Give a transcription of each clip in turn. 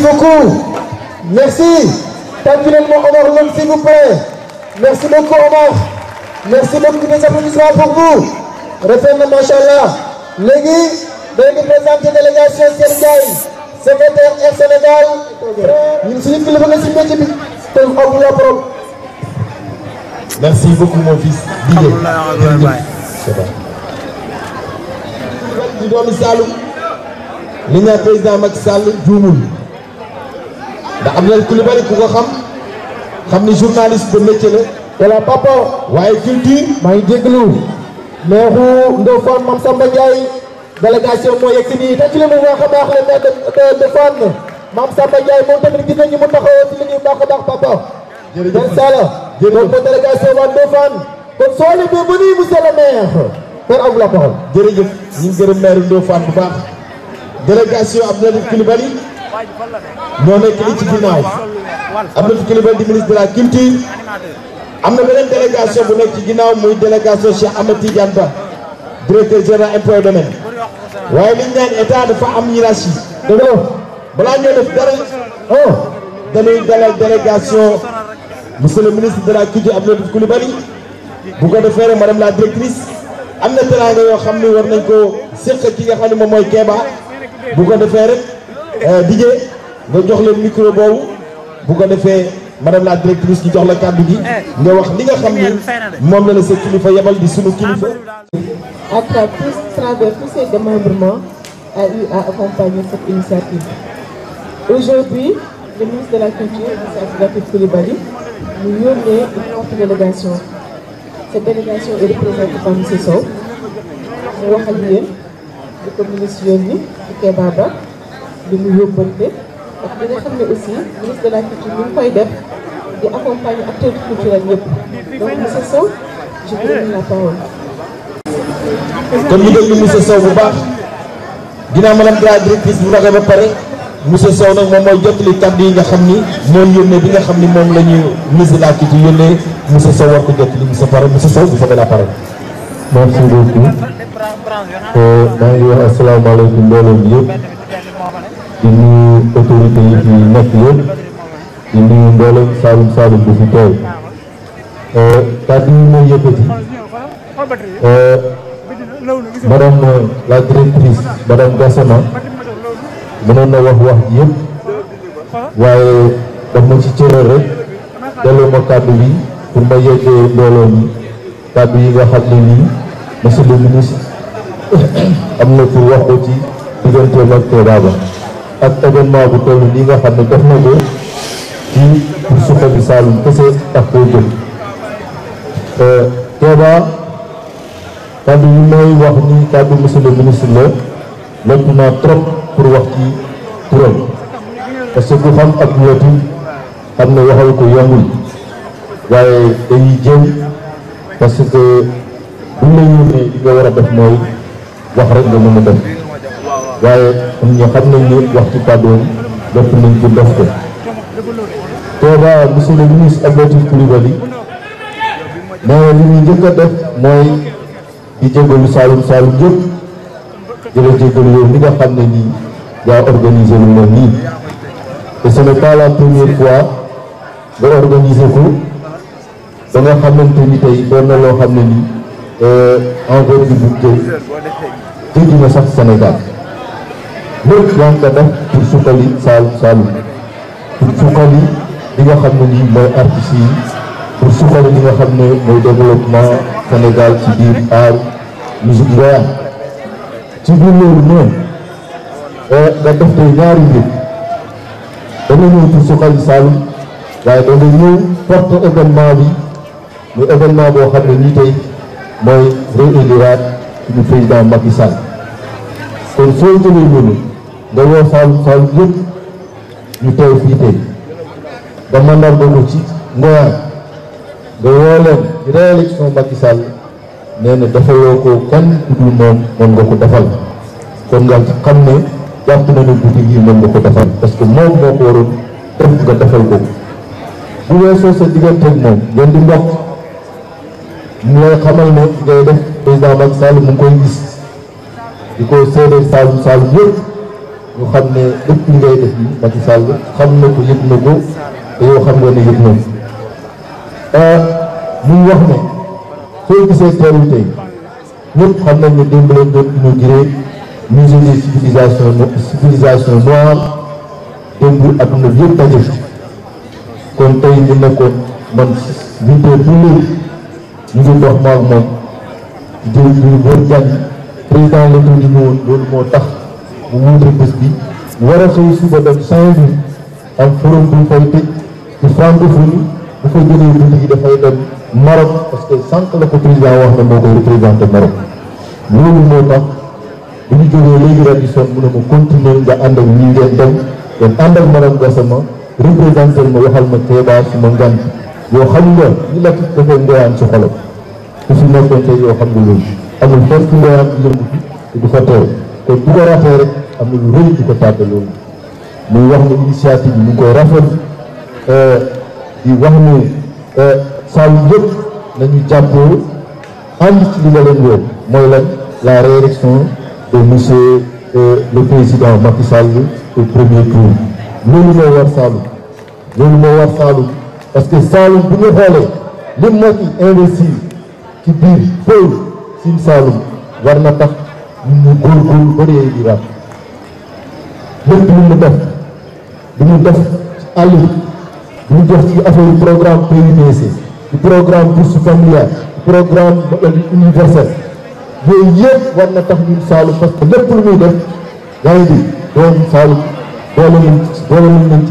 beaucoup. Merci. Tapulez-moi Omar Lom, s'il vous plaît. Merci beaucoup, Omar. Merci beaucoup des applaudissements pour vous. Referme, Machallah. Légui, dañ di présenter délégation Serigne Ndiaye secrétaire Air Sénégal. ñun suñu kilifa nga si métier bi. te mu am la parole. merci beaucoup mon fils. Didier jërëjëf. di doomu Saloum. li ñu naan président Macky juumul. ndax am na ku lu bari ku ko xam xam ni journaliste de métier la. voilà papa. waaye culture. maa ngi déglu. neexu Ndofane Mame Samba Ndiaye. délégation moo yegg si nii te ci la mu wax a baax la mais de de Fane. Mame Samba Ndiaye tamit gis nañu mu taxawoo ci li ñuy baax a baax papa. jërëjëf jërëjëf Sala. jërëjëf kon délégation waa Ndofane. kon soo am la parole. jërëjëf moo nekk nii ci ginnaaw am na fi kilifa di ministre de la culture am na beneen délégation bu nekk ci ginnaaw muy délégation Cheikh Ahmed Tidiane Ba directeur général impôt et domaine waaye liñ naan état dafa am hiérarchie dégg nga balaa ñoo def dara oh dañuy dalal délégation monsieur le ministre de la culture Abdoulaye Coulibaly bu ko defee rek madame la directrice am na teraanga yoo xam ni war nañ ko séq ki nga xam ne moom mooy Kéba bu defee rek. Eh, DJ nga jox leen micro boobu bu ko defee madame la directrice di jox la kàddu gi eh, nga wax li nga xam ni moom la la sa kilifa yebal di sunu kilifa. ak a eu à accompagner cette initiative. Aujourd'hui, le ministre de la Culture, M. Abdoulaye Coulibaly, nous yónnee une autre délégation. Cette délégation est représentée Sow. mu wax ak di ko ministre yónni di Kéba Ba. li mu yóbbante ak li Sow kon ñu déglu monsieur Sow bu baax dinaa maanaam la directrice bu rajo ba pare monsieur Sow nag moom mooy jottali kàddu yi nga xam ni moom yónnee bi nga xam ni moom la ñu ministre de la culture yónnee monsieur Sow war ko jottali Pare monsieur Sow vous avez la parole. Euh, wax asalaamaaleykum mbooloo mi yëpp. di nuyu autorité yi fi nekk yëpp di nuyu mboolem Saalum bu fi teew euh, kàddu yi may yëkkati euh, madame la directrice madame Gassama mënoon na wax wax ji yëpp waaye daf ma ci cëral rek delloo ma kàddu bi pour ma yeggee mbooloo mi kàddu yi nga xam ne nii monsieur le ministre am na pour wax ko ci digganteem ak Kéba Ba ak événement bu toll nii nga xam ne def na ko ci pour suqali Saalum kese tax koo jóg Kéba euh, kàddu yi may wax ni kàddu monsieur ministre la lott naa trop pour wax ci turam parce que ku xam ak wétu xam ne waxal ko yombul waaye dañuy jëm parce que bu ñu la nga war a def mooy wax rek nga mën a def waaye ñu xam nañ ne wax ci kàddoom def nañ ko def ko. Touba monsieur le ministre Abdoulaye Coulibaly nee li ñu njëkk a def mooy di jégalu Saalum Saalum yëpp di la jégalu yow nga xam ne nii yaa organisé lu nii te ce première fois nga organisé ko ba nga xamante ni tey doon na xam ne nii euh, envers du budget jéggi na sax Sénégal. lépp yaa ngi ko def pour suqali Saalum Saalum pour suqali li nga xam ne nii mooy artistes yi pour suqali li nga xam ne mooy développement Sénégal ci biir aar musique royal ci biir loolu noonu eh, nga def tey ñaari mbir da nga ñëw suqali Saalum waaye da nga ñëw porte événement bi mu événement boo xam ne nii tey mooy rééliraat suñu président Macky Sall kon soo jëlee loolu dañoo faal faal yëpp ñu teew fii tey da mandarga ko ci ngoyaan nga woo leen ci réélection Macky Sall nee defaloo ko kenn ku moom moom nga ko defal kon nga xam ne jàpp nañu guddi gi moom nga ko defal parce que moom moo ko waroon def nga defal ko bu weesoo sa diggante ak moom ngeen di mbokk mu lay xamal ne ngay def président Macky Sall ko séedee Saalum Saalum ñu xam ne lépp ngay def bi Macky xam na ko yëg na ko yow xam ne yëg na ko euh, mu wax ne soo gisee teew bi tey xam nañ ne démb lañ doon inauguré musée des civilisations civilisation noire démb adduna bi yëpp daje kon tey ñu nekkoon man huit heures bu léegi ñu ngi dox maag moom jëw bi boo jàng président la ñu ñëwoon loolu moo tax mu wuute bés bi war a xëy suba san Saint-Louis am forum bu fay tëj ci francophonie bu fa jógee guddi gi dafay dem Maroc parce que sànq la ko président wax na moo koy représenté Maroc loolu moo tax bu ñu jógee léegi Radisson mu ne ma continuer nga ànd ak ñi ngeen dem ngeen ànd ak madame Gassama représenté ma waxal ma Kéba su ma yoo xam nga ñi la dafay ngoyaan si xolam su fi nekkoon tey yoo xam nga loolu amul fenn ku ngoyaan ci te du fa kon bu ko ratee rek am na lu ko tàbbe loolu muy wax ne initiative bi ñu ngi koy rafetlu euh, di wax ne euh, saa yu yëpp nañu jàppoo ànd ci li nga leen woon mooy lan la réélection de monsieur euh, le président Macky Sall au premier tour loolu moo war Saloum loolu moo war Saloum parce que Saloum bu ñu xoolee li Macky investir ci biir pôle Sine Saloum war na tax ñu góorgóorlu ba lépp lu mu def lu mu def àll lu mu def ci affaire programme PUDC du programme bourse familiale du programme universel yooyu yëpp war na tax ñun Saalum parce que lépp lu muy def yaa di doomu Saalum boole nañ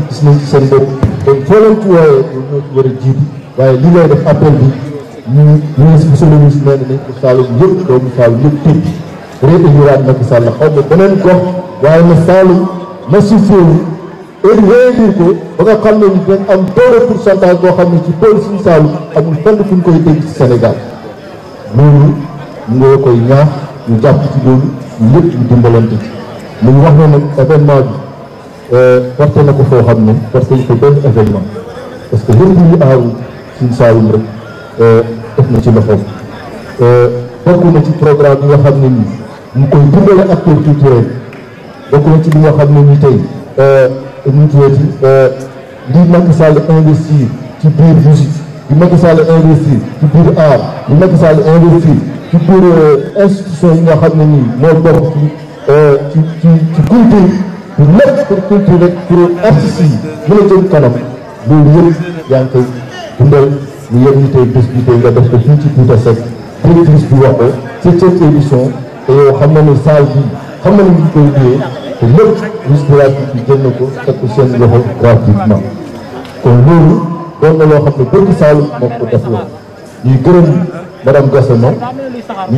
boole waaye li ngay def appel bi ñu su monsieur le ministre nee na nañ ko Saalum yëpp doomu Saalum rééliraat Macky Sall xaw ma beneen gox waaye na Saalum na suuf soosu réélire ko ba nga xam ne ni dañ am doole pourcentage boo xam ne ci pôle suñu Saalum amul fenn fu ñu koy dégg ci Sénégal loolu ñoo koy ñaax ñu jàpp ci loolu ñu lépp ñu dimbalante ci wax na nag événement bi euh, porté na ko foo xam ne porté ko benn événement parce que lépp lu aaru suñu Saalum rek euh, def na ci loxoom euh, bokk na ci programme yi nga xam ne nii mu koy dimbale acteur culturel bokk na ci li nga xam ne ñu tey ñu euh, tuddati euh, li Macky Sall investir ci biir musique li Macky Sall investir ci biir art li Macky Sall investir ci biir euh, institution yi nga xam ne nii moo bokk ci ci ci culture pour lépp pour culture rek pour artistes yi mën a jëm kanam loolu yëpp yaa ngi koy dundal ñu yëpp ñu tey nga def ko fii ci Douta Seck directrice bi wax ko septième émission te yow xam na ne saal bi xam na ne ñu koy duyee te lépp administratif bi jël na ko teg ko seen loxo gratuitement kon loolu doon na loo xam ne bëgg Saalum moo ko def loolu ñuy gërëm nga xam ne ni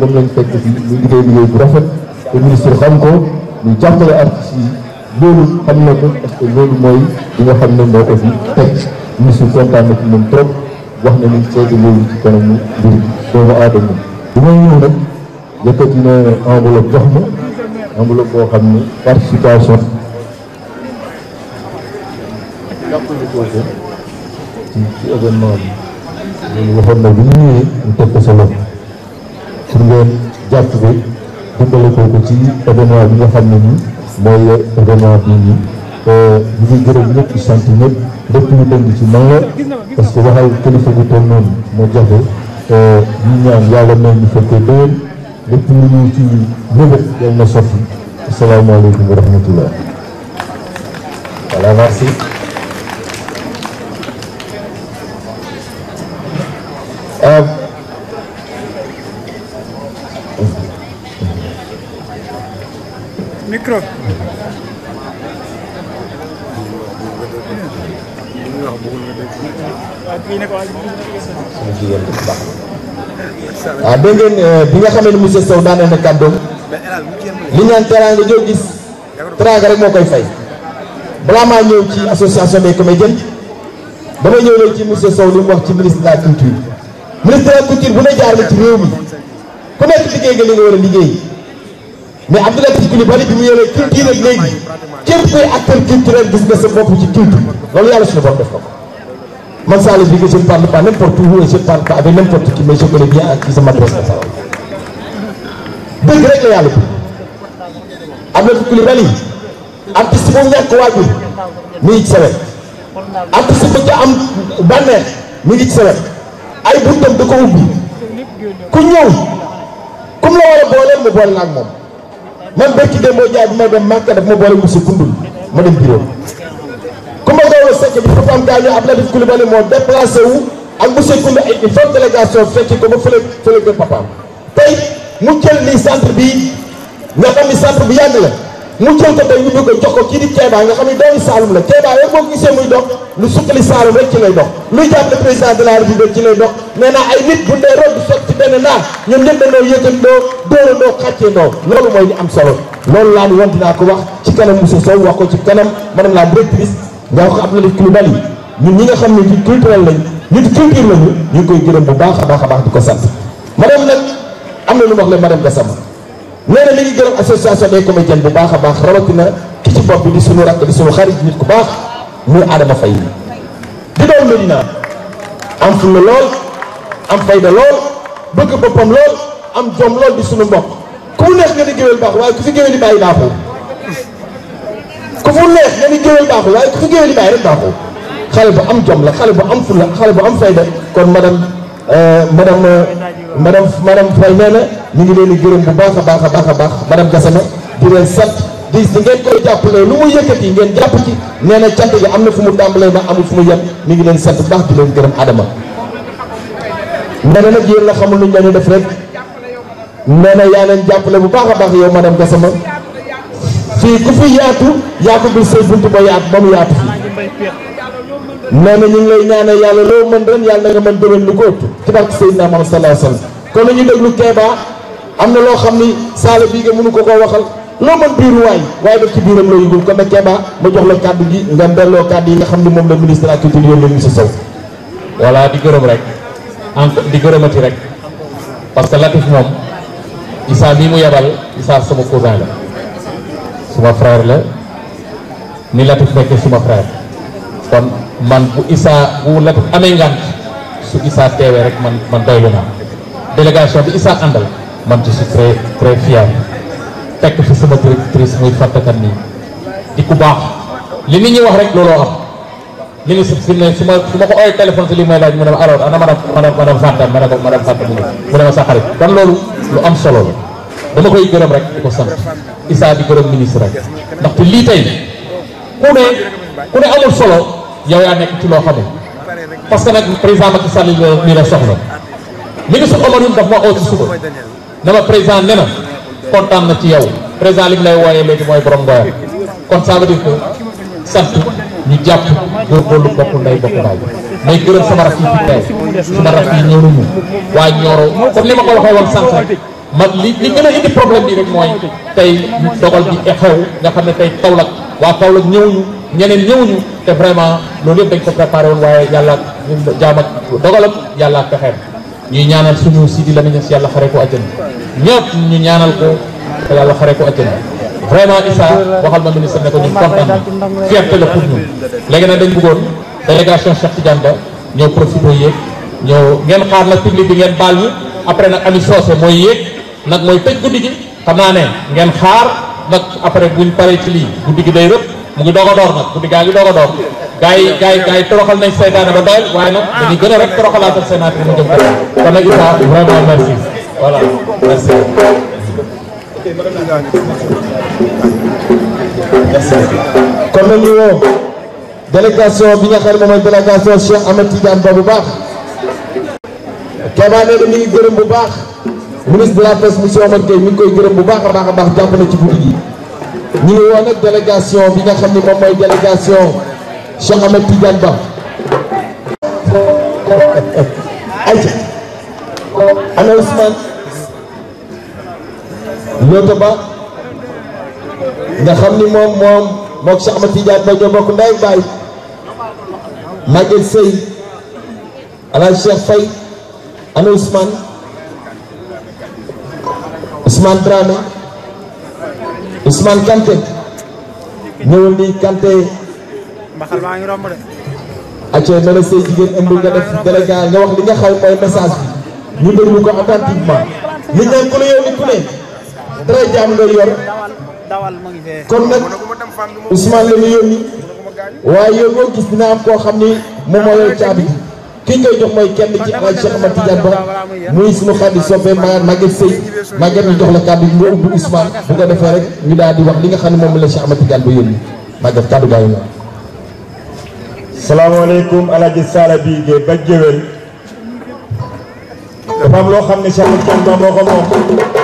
moom lañ fekk bu rafet te ministre xam ko ñu jàppale artistes yi loolu na ko parce que loolu mooy li nga xam ne moo ko fi teg ministre kontaan na ci moom trop wax na ni seeti loolu ci kanamu mbir doomu aadama bi may ñëw yëkkati na enveloppe jox ma enveloppe boo xam ni participation ci ci événement bi nga xam ne nii mooy événement bii nii ñu ngi gërëm ñëpp sant ñëpp lépp ñu ci man parce que waxal kilifa gu toll noonu moo jafe ñu ñaan yàlla may ñu fekkee déwén lépp lu ñuy ci mébét yal na sotti asalaamaaleykum wa rahmatullah voilà merci waaw dégg ngeen euh, bi nga xamee ne monsieur Sow daaneel na kàddoom li ñaan teraanga joo gis teraanga rek moo koy fay balaa maa ñëw ci association des comédiens damay ñëw léegi ci monsieur Sow li mu wax ci ministre de la culture ministre de la culture bu ne jaar na ci réew mi ku nekk liggéey nga li nga war a liggéey mais Abdou Latif Coulibaly bi mu yoree culture rek léegi képp kuy acteur culturel gis loolu yàlla suñu bopp def Man ça les je ne parle pas n'importe où et je ne parle pas avec n'importe qui, mais je connais bien à qui je m'adresse la parole. dëgg rek la yàlla am na ku li mel ni artiste bu ñàkk waajur mi ngi ci sawet artiste bu ca am bànneex mi ngi ci ay buntam da ko ubbi ku ñëw comme la war a booleel mu boole la ak moom man barki démboo jaay bi may dem màkka daf ma boole mu si kundul ma dem bureau Goro Seck bi dafa am gaañu Abdoulaye Diouf Coulibaly moo déplacé wu ak tey mu jël ni centre bi nga xam ni centre bi yàgg la mu jël ko tey ñu bëgg a jox ko kii di Kéba nga xam ni doomu Saalum la Kéba yow boo ko gisee muy dox lu suqali Saalum rek ci lay dox luy jàppale président de la République ci lay dox nee naa ay nit bu dee rob di sot ci benn naan ñoom ñëpp dañoo yëkkandoo dóorandoo xàcceendoo loolu mooy li am solo loolu laa ni woon dinaa ko wax ci kanam monsieur Sow wax ko ci kanam madame la directrice nga wax ko am na def Koulibaly ñun ñi xam ne nit culturel lañ nit culture lañu ñu ngi koy gërëm bu baax a baax a baax di ko sant madame nag am na lu wax leen madame Gassama nee na mi ngi gërëm association des comédiens bu baax a baax rawatina ki ci bopp bi di suñu rakk di suñu xarit nit ku baax muy Adama Faye di doon Medina am fulla lool am fayda lool bëgg boppam lool am jom lool di suñu mbokk ku nekk nga di géwél baax waaye ku fi géwél di bàyyi baaxul ku mu neex nga ni géwél baaxul waaye ku fi géwél yi bàyyi rek baaxul xale bu am jom la xale bu am fulla xale bu am fayda kon madame euh, madame euh, madame madame Faye nee na ñu ngi leen di gërëm bu baax a baax a baax a baax madame Gassama di leen sant di di ngeen koy jàppalee lu muy yëkkati ngeen jàpp ci nee na cant am na fu mu tàmbalee na amul fu mu yem ñu ngi leen sant bu baax di leen gërëm Adama. nee na nag yéen la xamul lu ñu def rek nee na yaa leen jàppale bu baax a baax yow madame Gassama. fii ku fi yaatu yaatu bi say buntu ba yaatu ba mu yaatu fii nee na ñu ngi lay ñaanal yàlla loo mën ren yàlla na nga mën déwén lu ko ëpp ci barke Seydina Muhammad sallallahu alayhi wasallam kon nañu déglu Kéba am na loo xam ni saala bi nga mënu ko koo waxal loo mën biiru waay waaye def ci biiram loo yëgul kon nag Kéba ma jox la kàddu gi nga delloo kàddu yi nga xam ni moom la ministre de la yoon la ministre Sow voilà di gërëm rek encore di gërëmati rek parce que Latif moom Issa mii mu yebal Issa sama cousin suma frère la ni Latif nekkee suma frère kon man bu Issa bu Latif amee ngant su Issa teewee rek man man doylu naa délégation bi Issa àndal man ci suis très très fier tekk fi sama directrice muy fàttakan nii di ku baax li nit ñi wax rek looloo am ministre si ne su ma su ma ko ooy téléphone si li may laaj mu ne ma alors ana madame madame madame Fanta ma ne ko madame Fanta mu ne ma sa xarit kon loolu lu am solo la dama koy gërëm rek di ko sant Issa di gërëm ministre rek ndaxte lii tey ku ne ku ne amul solo yow yaa nekk ci loo xam ne que nag président Macky Sall nii la soxla ministre Omar Youm daf ma oo ci suba na ma président ne na kontaan na ci yow président li mu lay wooyee léegi mooy borom ngoyam kon ça veut dire que sant ñu jàpp góorgóorlu bokk ndey bokk may gërëm sama rakk yi fi tey sama rakk yi ñëw nañu waa Nioro comme ni ma ko waxee woon sànq rek man li li gën a indi problème bi rek mooy tey dogal bi xew nga xam ne tey Kaolack waa Kaolack ñëwuñu ñeneen ñëwuñu te vraiment loolu yëpp dañ ko préparé waaye yàlla jaam ak dogalam yàlla ak pexeem ñuy ñaanal suñu Sidi Lamine si yàlla xare ko àjjana ñëpp ñu ñaanal ko te yàlla xare ko àjjana vraiment Issa waxal ma ministre ne ko ñun kontaan na fierté la pour ñun léegi nag dañ bëggoon délégation Cheikh Tidiane Ba ñëw profité yéeg ñëw ngeen xaar nag public bi ngeen baal ñu après nag nag mooy tëj guddi gi xam ne ngeen xaar nag après buñ paree ci lii guddi gi day rëpp mu ngi doog a door nag guddi gaa ngi doog a door toroxal nañ seytaane ba doyal waaye nag dañuy gën a rek toroxalaatal seytaane bi mu jëm kanam kon nag Issa Ba ngi gërëm bu baax. ministre de la pêche monsieur Omar Gueye mi ngi koy gërëm bu baax a baax a baax jàpp na ci guddi gi ñu ngi woon ak délégation bi nga xam ne moom moom moom moog Cheikh Ahmed Tidiane Ba ñoo bokk ndey baay Maguette Seye Alaaji Cheikh Faye ana Ousmane. Ousmane Dramé Ousmane Kanté ñëwal nii Kanté maa ngi romb de acce na la say jigéen indi nga def délégué nga wax li nga xaw mooy message bi ñu déglu ko attentivement nit ñaan ku ne yow nit ku ne très jaam nga yor kon nag Ousmane la ñu yónni waaye yow boo gis dina koo xam ni moom moo yor caabi bi ki ñu koy jox mooy kenn ci El Hadj Cheikh Ahmad Ba muy sunu xarit soppe Maguette Seye Maguette ñu jox la kàddu gi ubbi Ousmane bu ko defee rek ñu daal di wax li nga xam ne moom la Cheikh Ahmad Tidiane Ba yónni Maguette kàddu gaa yi loo xam ne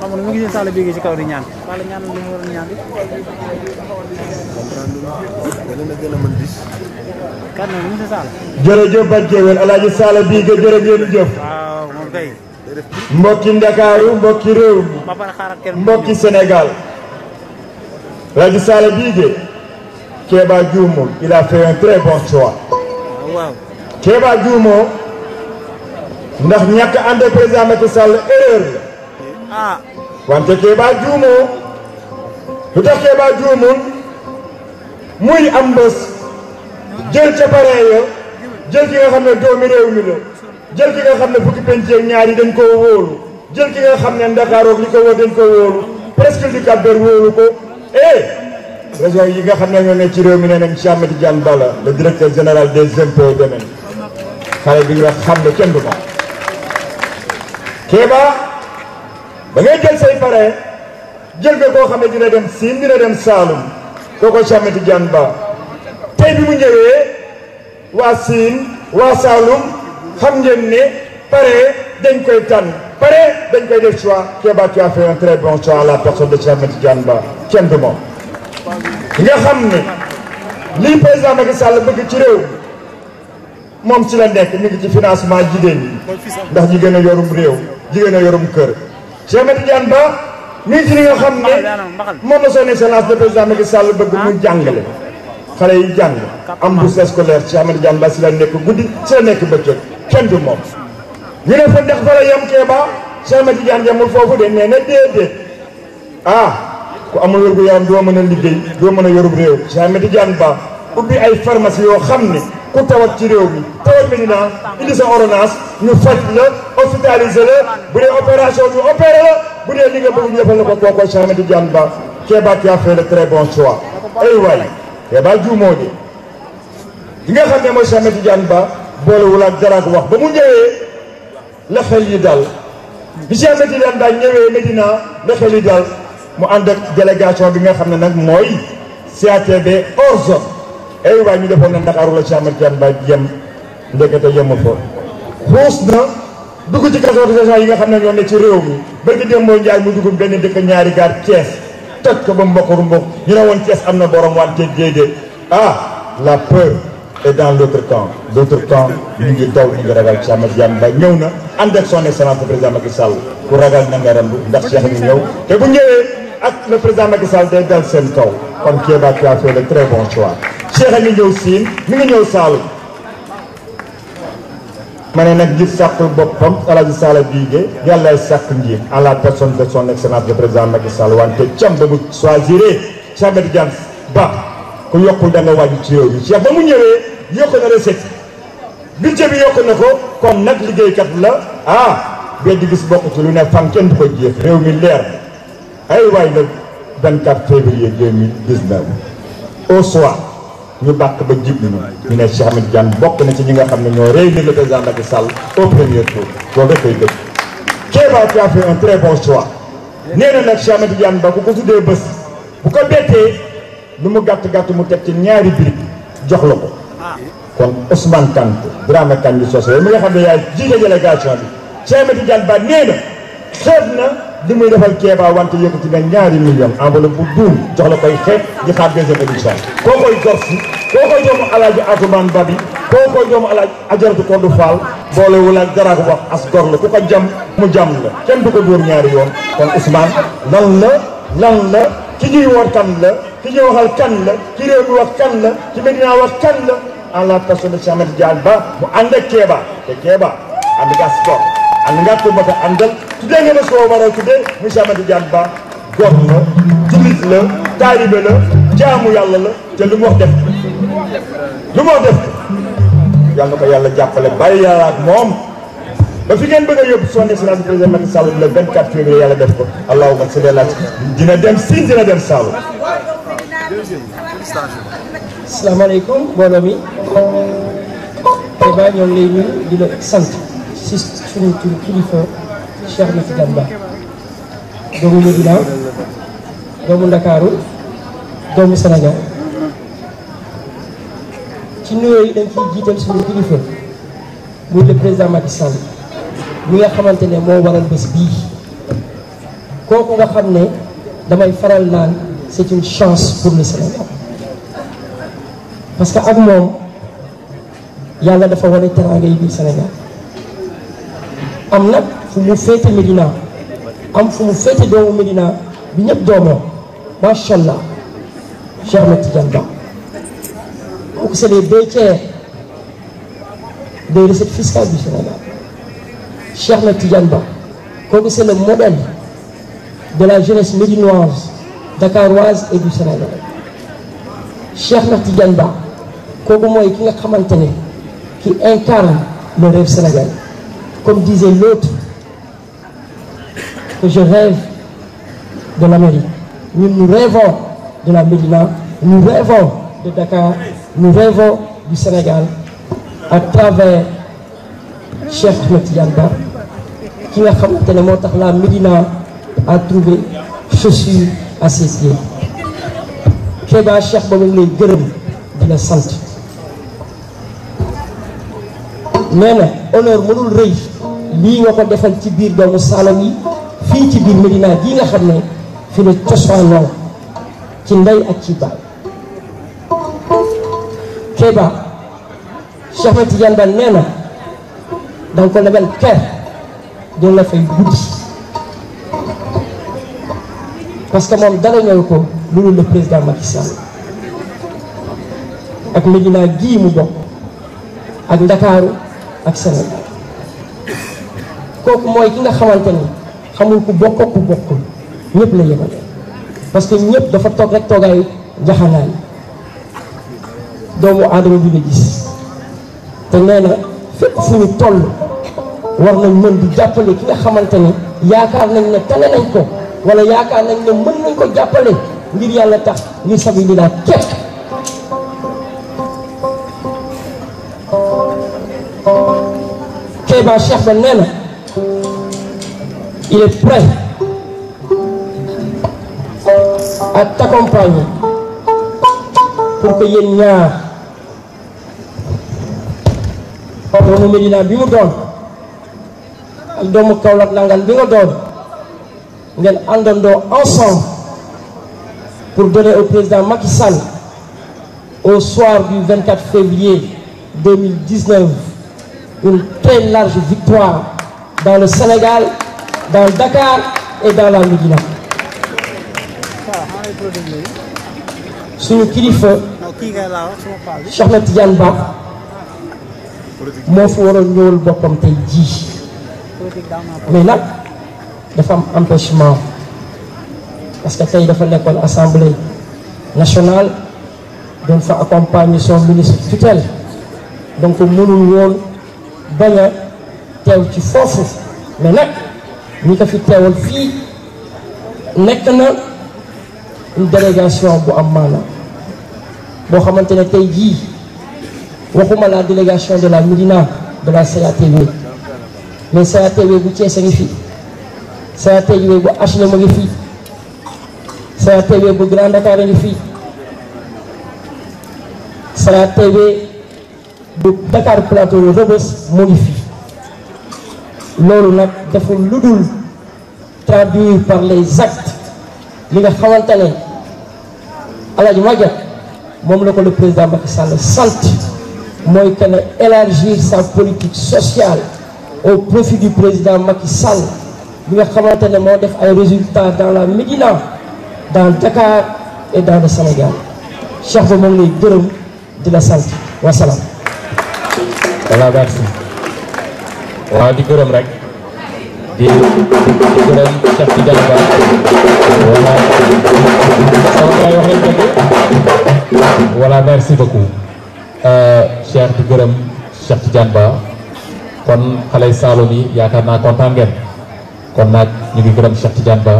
xam nga nu mu gisee Salla Bigué ci kaw di ñaan Salla a mën bis. kan noonu monsieur Sall. jërëjëf Bac Jewel El Hadj Salla Bigué mbokki Ndakaaru mbokki réew mbokki Sénégal. El Hadj Salla Bigué. Kéba Dioum il a fait un très bon ndax ñàkk ànd président Macky Sall erreur la. Ah. wante Kéba juumoo lu tax Kéba juumoon muy am bés jël ca paree ya jël ki nga xam ne doomi réew mi la jël ki nga xam ne fukki penc ak ñaar dañ ko wóolu jël ki nga xam ne Ndakaaroog li ko wër dañ ko wóolu presque li Cap-Vert wóolu ko eh région yi nga xam ne ñoo ci réew mi nee nañ Cheikh Amadou Diane Balla le directeur général des impôts et domaines xale bi nga xam ne kenn du da ngay jël pare jël nga koo xam ne dina dem Siin dina dem Saalum kooko Cheikh Tidiane Ba tey bi mu ñëwee waa Siin waa Saalum xam ngeen ne pare dañ koy tànn pare dañ koy def choix Kéba tu as fait un très bon choix à la de Cheikh Tidiane Ba kenn du moom nga xam ne lii président Macky Sall bëgg ci réew moom ci la nekk mi ngi ci financement jigéen ñi ndax jigéen a yorum réew jigéen a yorum kër Cheikh Mati Diagne Ba mii ci li nga xam ne moom a son excellence de président Macky Sall bëgg mu ah. jàngale xale yi jàng am bourse scolaire Cheikh Mati Diagne Ba si la nekk guddi si la nekk bëccëg kenn moom ñu ne fa dex fara ba Cheikh Mati Diagne yamul foofu de nee na déedéet ah ku amul wér gu yaram doo mën a liggéey doo a yorub réew Cheikh Mati Diagne Ba ubbi ay pharmacie yoo xam ne ku tawat ci réew mi tawat Médina indi sa ordonnance ñu faj la hospitalisé la bu dee opération ñu bu dee li nga bëgg ñu defal la ko kooku Cheikh Ahmadou Ba Kéba qui a fait le très bon choix ay waay Kéba juumoo de li nga xam ne mooy Cheikh Ahmadou Diane Ba boolewul ak dara wax ba mu ñëwee la yi dal bi Cheikh Ahmadou Diane Ba ñëwee Médina yi dal mu ànd ak délégation bi nga xam ne nag mooy CATB hors zone ay waay ñu defoon na Ndakaaru la Cheikh Ahmed Tidiane Ba yem ndekete yemu fa xuus na dugg ci quatorze régions yi nga xam ne ñoo ne ci réew mi bërki démb mooy Njaay mu dugg benn dëkk ñaari gaar Thiès toj ko ba mbokk mbokk ñu ne woon Thiès am na borom wante déedéet ah la peur et dans l'autre camp l'autre camp ñu ngi daw ñu ngi ragal Cheikh Ahmed Tidiane ñëw na ànd ak son excellence le président Macky Sall ku ragal na nga randu ndax Cheikh bi ñëw te bu ñëwee ak le président Macky Sall day seen kaw kon Kéba tu as Cheikh a ngi ñëw siin mi ngi ñëw Saalum ma ne nag ngir sàqul boppam El Hadj Sall bii de yàllaay sàq njiit à la personne de son excellence le président Macky Sall wante cam ba mu choisir Cheikh Ahmed Tidiane Ba ku yokkul da nga wàññi ci réew mi Cheikh ba mu ñëwee yokk na recette budget bi yokk na ko kon nag liggéeykat la ah bee di gis bokk ci lu ne fan kenn du ko jeex réew mi leer ay waay la 24 février 2019 au soir. ñu dàq ba jib ñu ne Cheikh Ahmed Diagne bokk na ci ñi nga xam ne ñoo réunir le président Macky Sall au tour loolu dafay dëgg. Kéba tu as fait un très bon nee na nag Cheikh Ahmed ba ku ko tuddee bés bu ko bettee lu mu gàtt gàtt mu teg ci ñaari briques jox la ko kon Ousmane Kanté Dramé Kandji Socé mi nga xam ne yaay jiite délégation bi Cheikh Ahmed ba nee na xeeb na. di muy defal Kéba wante yëkkati nga ñaari million enveloppe bu buum jox la koy xeet di xaar deuxième édition koo koy gor si koo koy doomu alaaji Atumaan Babi koo koy doomu alaaji ajaratu Kondu Fall boolewul ak dara as gor la ku ko mu jam la kenn du ko ñaari yoon kon Ousmane lan la lan la ki ñuy war kan la ki ñuy waxal la ki réew mi wax la ki Medina wax kan la en la personne de Cheikh Ahmed Ba mu ànd ak Kéba te Kéba as gor alngattumata anndal tuddee nga ko war a tuddee monsieur Amady Diagne Ba góor la jullit la taalibe la jaamu yàlla la te lu mu wax def lu mu wax def yàlla na ko yàlla jàppale bàyyi yàlla ak moom ba fi ngeen bëgg a yóbbu son excellence président Macky Sall le 24 février yàlla def ko allahuma sëñ laaj dina dem Sine dina dem Saalum. asalaamaaleykum mbooloo mi. Keba ñoo ngi lay nuyu di la sant. si suñu tur kilifa Cheikh na Tidiane Ba doomu Medina doomu Ndakaaru doomu Sénégal ci nuyoo yi dañ ciy jiital suñu kilifa muy le président Macky Sall mi nga xamante ne moo waral bés bii kooku nga xam ne damay faral naan c'est chance pour le Sénégal parce que ak moom yàlla dafa wane teraanga yi biir Sénégal am nag fu mu féete Médina am fu mu féete doomu Médina bi ñëpp doomoo macha allah Cheikh Ahmed Tidiane Ba donc c'est les deux tiers des recettes fiscales du Sénégal Cheikh Ahmed Tidiane Ba kooku c'est le modèle de la jeunesse médinoise dakaroise et du Sénégal Cheikh Ahmed Tidiane Ba kooku mooy ki nga xamante ne incarne le rêve sénégalais comme disait l'autre, que je rêve de l'Amérique. Nous, nous rêvons de la Médina, nous rêvons de Dakar, nous rêvons du Sénégal à travers Cheikh Ahmed Tidiane Ba ki nga xamante moo tax la Médina a trouvé chaussure à ses pieds. Kéba Cheikh ba mu ngi lay gërëm di la sant nee na honneur mënul rëy. lii nga ko defal ci biir doomu Saloum yi fii ci biir Medina gii nga xam ne fi la cosaanoo ci ndey ak ci baay Kéba Cheikh Ahmed nee na danga ko lebal kër doo la fay guddi parce moom dara ñëw ko loolu le président Macky Sall ak Medina gii mu bokk ak Ndakaaru ak Sénégal kooku mooy ki nga xamante ni xamul ku bokk ku bokkul ñëpp la yëgal parce que ñëpp dafa toog rek toogaay jaxanaay doomu aadama bi nga gis te nee na fépp fu ñu toll war nañ mën di jàppale ki nga xamante ni yaakaar nañ ne tane nañ ko wala yaakaar nañ ne mën nañ ko jàppale ngir yàlla tax ngir sabi li daal képp Kéba ba nee na il est prêt à t'accompagner pour que yéen ñaar doomu Médina bi mu doon ak doomu Kaolack nangal bi nga doon ngeen àndandoo ensemble pour donner au président Macky au soir du février une très large victoire dans le Sénégal dans le Dakar et dans Médina suñu kilifa Soxna Tidiane Ba moo fi waroon ñëwul boppam tey jii mais nag dafa am empêchement parce que tey dafa nekkoon assemblée nationale doon fa accompagner son ministre tutelle donc mënul woon bañ teew ci foofu mais nag ñi ko fi teewal fii nekk na une délégation bu am maana boo xamante ne tey jii waxuma la délégation de la Médina de la CATV mais CATV bu Thiès ngi fi CATV bu HLM a ngi fi CATV bu Grand Dakar a ngi fi CATV bu Dakar Plateau Rebeuss moo ngi fi loolu nag dafa ludul traduit par les actes li nga xamante ne Alaaji Maguette moom la ko le président Macky Sall sant mooy que ne élargir sa politique sociale au président Macky Sall bi nga xamante ne moo def ay résultats dans la Médina dans Dakar et dans le Sénégal Cheikh ba moom lay gërëm di la sant wasalaam. waaw di gërëm rek di di gërëm Cheikh Tidiane Ba voilà merci beaucoup euh, Cheikh di gërëm Cheikh Tidiane Ba kon xale Saloum yi yaakaar naa kontaan ngeen kon nag ñu ngi gërëm Cheikh Tidiane Ba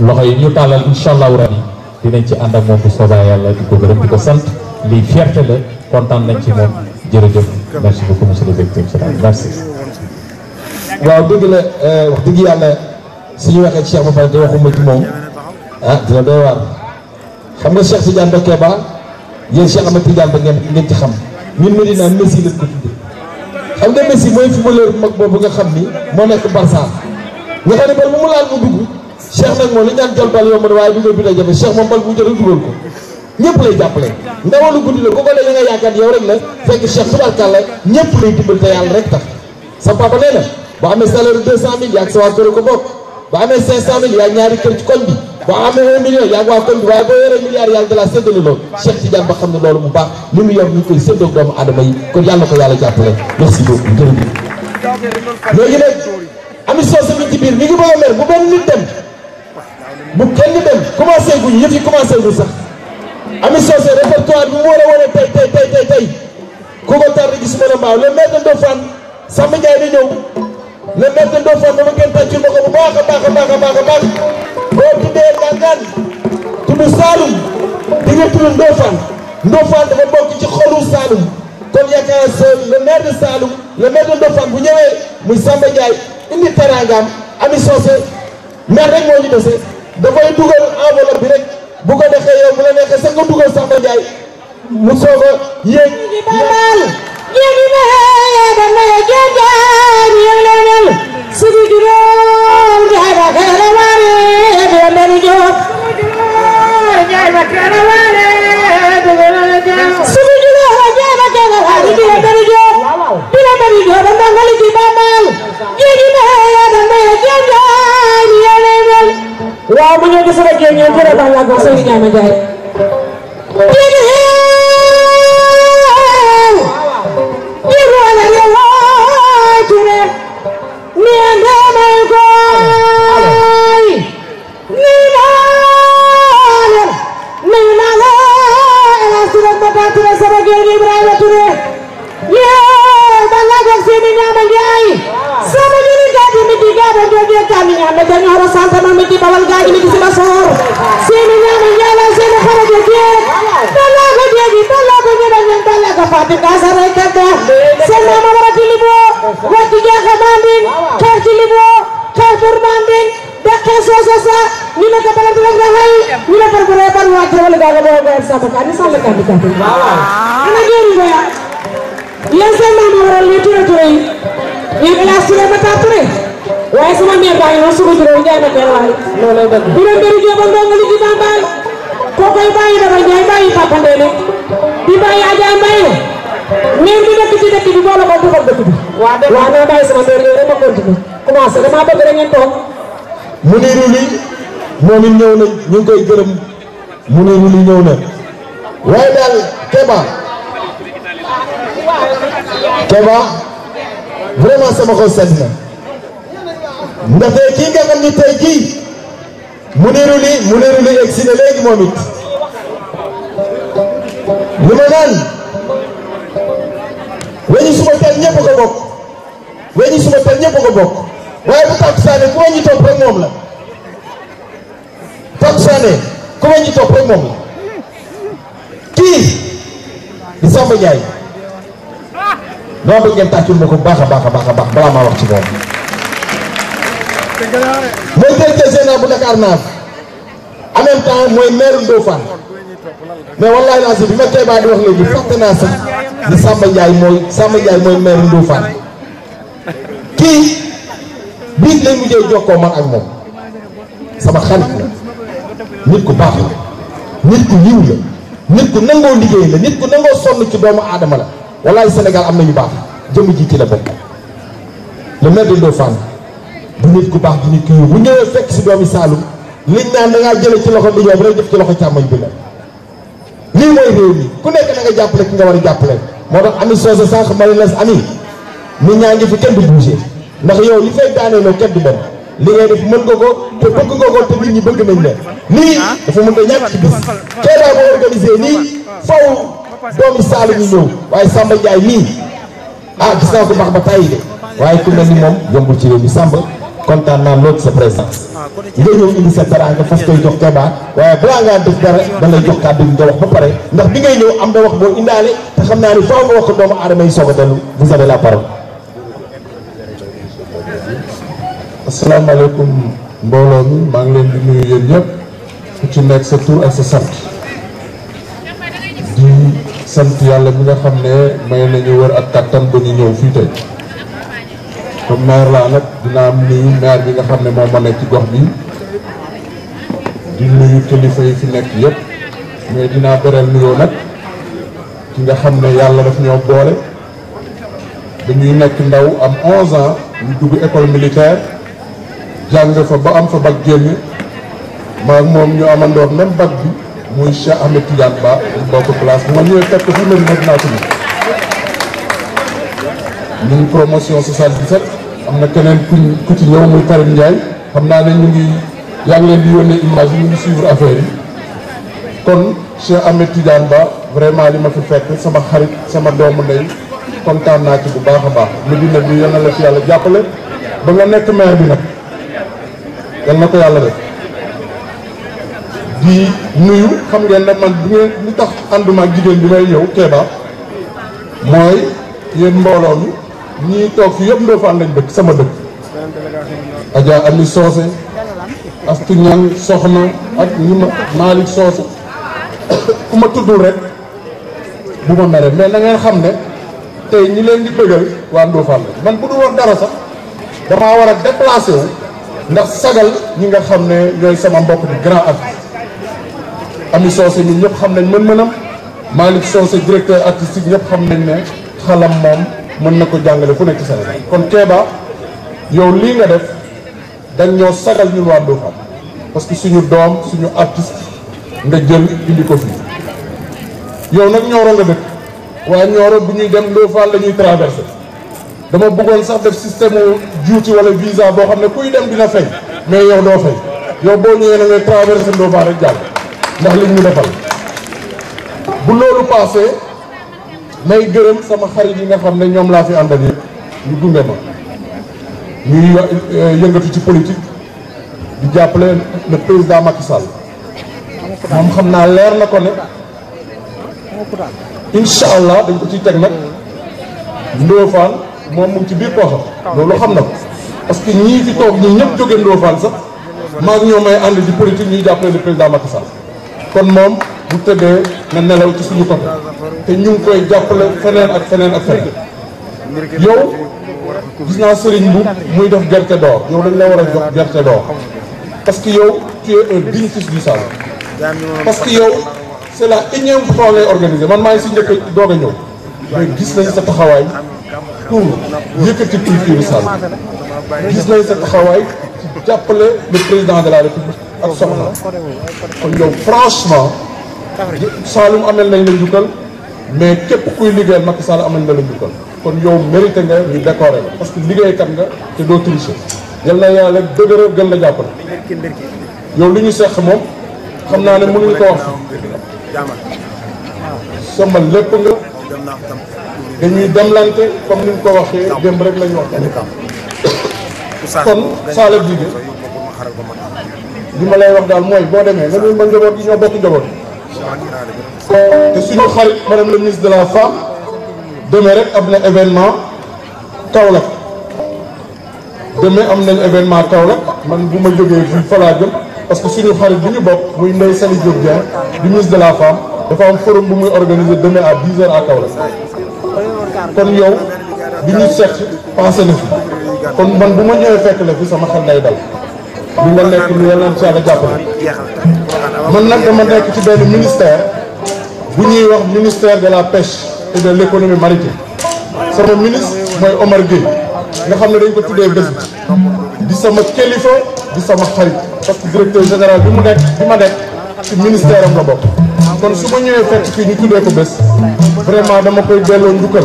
loxo yi ñu tàllal incha allahu rabbi dinañ ci ànd ak moom bu soobee yàlla di ko gërëm di ko sant lii fierté la kontaan nañ ci moom jërëjëf merci beaucoup monsieur le directeur merci. waaw dëgg la euh, wax dëgg yàlla suñu waxee Cheikh ba pare te waxuma ci moom ah dina doy waar xam nga Cheikh Tidiane Doké Ba yéen Cheikh Ahmed Tidiane Ba ngeen ngeen ci xam ñun Medina Messi lañ ko tuddee xam nga Messi mooy footballeur bu mag boobu nga xam ni moo nekk Barça nga xam ne bal bu mu laal mu dugg Cheikh nag moom li ñaan jël bal yoo mën waaye dugal bi lay jafe Cheikh moom bal bu jël dugal ko ñëpp lay jàppale ndawalu guddi la ko ko la nga yaakaar yow rek la fekk Cheikh tubarkàlla ñëpp lay dimbal boo amee salaire deux cent mille yaa ngi sa waa kër ko bokk boo amee cinq cent yaa ñaari kër ci koñ bi boo amee un yaa ngi waa koñ bi waaye boo yoree milliard yaa ngi dalaa séddale loolu Cheikh Tidiane ba xam ne loolu bu baax li mu yor ñu koy séddoog doomu aadama yi kon yàlla ko yàlla jàppale merci beaucoup jërëjëf léegi a mer bu benn nit dem bu kenn dem commencé guñ yëf yi commencé guñ sax ami soose répertoire bi mu war a tey tey tey tey ku ko tar gis a le maire de Ndofane dama ngeen tàccul ma ko bu baax a baax a baax a baax a baax boo tuddee Ndangaan tudd Saalum di nga tudd Ndofane Ndofane dafa bokk ci xolu Saalum kon yaakaar naa le de Saalum le maire de bu ñëwee muy Samba Ndiaye indi teraangaam ami soose maire rek moo ñu dese dafay dugal enveloppe bi rek bu ko defee yow bu la neexee sax nga dugal Samba mu soog a yéeg. waaw bu ñu gisee rek yéen ñëpp dina tax yàgg ak Serigne Ndiaye. Samba Samba Kandé yi doya. yéen seen yi. yéen Elhadj Touré Matar Touré. waaye sama di bambaay. kookoy bàyyi di bàyyi Adja Mbaye la. mère bi dëkk ci dëkk bi moo la ko dugal dëkk bi. waaw dëgg waaw naa bàyyi sama mère yooyu rek ma continué. commencé damaa bëgg rek ngeen toog. mu ne nii gërëm mu ne nii ñëw na. Keba Keba vraiment sama xol sedd na ndaxte kii nga xam ni tey jii Mounirou Ly Mounirou Ly egsi li ma naan weñu suba teel ñëpp ko bokk weñu suba teel ñëpp ko bokk waaye bu ku weñu topp rek moom la. ngeen tàccul ma ko bu baax a baax a baax baax balaa maa wax ci moom. mooy directeur général bu wallaahi naa si bi ma tey baa di fàtte naa sax ni Samba mooy Samba Ndiaye mooy maire Ndofane kii biit lay mujjee jokkoo man ak moom sama xarit la nit ku baax la nit ku yiw la nit ku nangoo liggéey la nit ku nangoo sonn ci doomu aadama la wallaahi Sénégal am na ñu baax. jëmm ji ci la bokk le maire de Ndofane du nit ku baax du nit ku bu ñëwee fekk si doomi Saalum liñ naan da ngaa jële ci loxo ndijoom rek def ci loxo càmmoñ bi la lii mooy réew mi ku nekk na nga jàppale ki nga war a jàppale moo tax ami soose sànq ma ne la ami nit ñaa ngi fi kenn du bougé ndax yow li fay daaneeloo kenn du dem li ngay def mën nga ko te bëgg nga ko te nit ñi bëgg nañ la nii dafa mën a ñàkk ci bis kee bu ko organisé nii faw nii ah gis naa ko baax ba tàyyi de waaye ku mel ni moom yombul ci réew mi Samba kontaan naa lool sa présence nga ñëw indi sa teraanga fas koy jox Keba waaye balaa ngaa def dara da jox kàddu nga wax ba pare ndax bi ngay ñëw am na wax boo indaale te xam naa ni faaw nga wax ko doomu aadama yi soog a dellu vous avez la parole. asalaamaaleykum mbooloo mi maa ngi leen di nuyu yéen ñëpp ku ci nekk sa tur ak sa sant sant yàlla mi nga xam ne may nañu wër ak kattan ba ñu ñëw fii tey comme maire laa nag dina am nuyu maire bi nga xam ne moom ma nekk ci gox bi di nuyu kilifa yi fi nekk yëpp mais dinaa beral nuyoo nag ki nga xam ne yàlla def ñoo boole dañuy nekk ndaw am 11 ans ñu dugg école militaire jàng fa ba am fa bac génn maag moom ñu amandoo même bac bi muy Cheikh Ahmed Tidiane Ba ñu bokk place bu ma ñëwee fekk fu mu ne nii naa tudd ñu ngi na keneen ku ci ñëw muy Karim Ndiaye xam naa ne ñu ngi yaa leen di yónnee image ñu ngi suivre affaire yi kon Cheikh Ahmed Tidiane Ba vraiment li ma fi fekk sama xarit sama doomu ndey kontaan naa ci bu baax a baax Médina bi yal na la ci yàlla jàppale ba nga nekk maire bi nag yal na ko yàlla def. di nuyu xam ngeen ne man ngeen tax ànduma ak jigéen bi may ñëw Kéba mooy yéen mbooloo mi ñii toog fi yëpp Ndofane lañ dëkk sama dëkk. Adja Ami Socé Astu Ñan Soxna ak ñi ma Malick Socé ku ma tuddul rek bu ma mere mais na ngeen xam ne tey ñi leen di bëggal waa Ndofane lañ man bu du wax dara sax damaa war a déplacé wu ndax sagal ñi nga xam ne ñooy sama mbokk di grand ak. Ami Socé ñun ñëpp xam nañ mën-mënam Malick Socé directeur artistique ñëpp xam nañ ne xalam moom mën na ko jàngale fu nekk Sénégal kon Kéba yow lii nga def dañ ñoo sagal ñun waa Ndofane parce que suñu doom suñu artiste nga jël indi ko fii yow nag Nioro nga dëkk waaye Nioro bu ñuy dem Ndofane la ñuy traversé dama bëggoon sax def système juuti wala visa boo xam ne kuy dem dina fay mais yow doo fay yow boo ñëwee na ngay traversé Ndofane rek jàll ndax li mu defal bu loolu paasee may gërëm sama xarit yi nga xam ne ñoom laa fi àndal yëpp ñu gunge ma ñuy euh, yëngatu ci politique di jàppale le président Macky Sall moom xam naa leer na ko ne incha allah dañ ko ciy teg nag Ndofane moom mu ngi ci biir poosam loolu xam na ko parce que ñii fi toog ñi ñëpp jóge Ndofane sax maa ngi ñoo may ànd di politique ñuy jàppale le président Macky Sall kon moom bu tëddee na nelaw ci suñu côté te ñu ngi koy jàppale feneen ak feneen ak feneen yow gis naa sëriñ bu muy def gerte d'or yow dañ la war a jox gerte d'or parce que yow tu es un digne fils du Saloum parce que yow c'est la énième fois ngay man maa ngi si njëkk a doog a ñëw mais gis nañ sa taxawaay pour yëkkati culture Saloum gis nañ sa taxawaay ci jàppale le président de la république ak soxna kon yow franchement Saloum amel nañ la njukkal mais képp kuy liggéeyal Macky Sall amel na la njukkal kon yow mérité nga ñu décoré la parce que liggéeykat nga te doo tricher yal na yàlla dëgëral gën la jàppale yow lu ñu seq moom xam naa ne mënuñ ko wax sama lépp nga dañuy demlante comme ni ñu ko waxee démb rek la ñu wax kon Saloum Diégué li ma lay wax daal mooy boo demee nga nuyu ma njaboot gi ñoo bokk njaboot te suñu xarit madame le ministre de la femme demee rek am na événement Kaolack demee am nañ événement Kaolack man bu ma jógee fii fa laa parce que suñu xarit bi ñu bokk muy Ndeye Saly Diop Dieng di ministre de la femme dafa am forum bu muy organiser demain à 10h à Kaolack kon yow bi ñu seq pensé na fi kon man bu ma ñëwee fekk la fi sama xel day dal bi nga nekk ni yàlla na ci yàlla jàppale man nag dama nekk ci benn ministère bu ñuy wax ministère de la pêche et de l' économie maritime sama ministre mooy Omar Gueye nga xam ne dañ ko tuddee bés bi di sama kilifa di sama xarit parce que directeur général bi mu nekk bi ma nekk ci ministère am la bokk kon su ma ñëwee fekk fii ñu tuddee ko bés vraiment dama koy delloo njukkal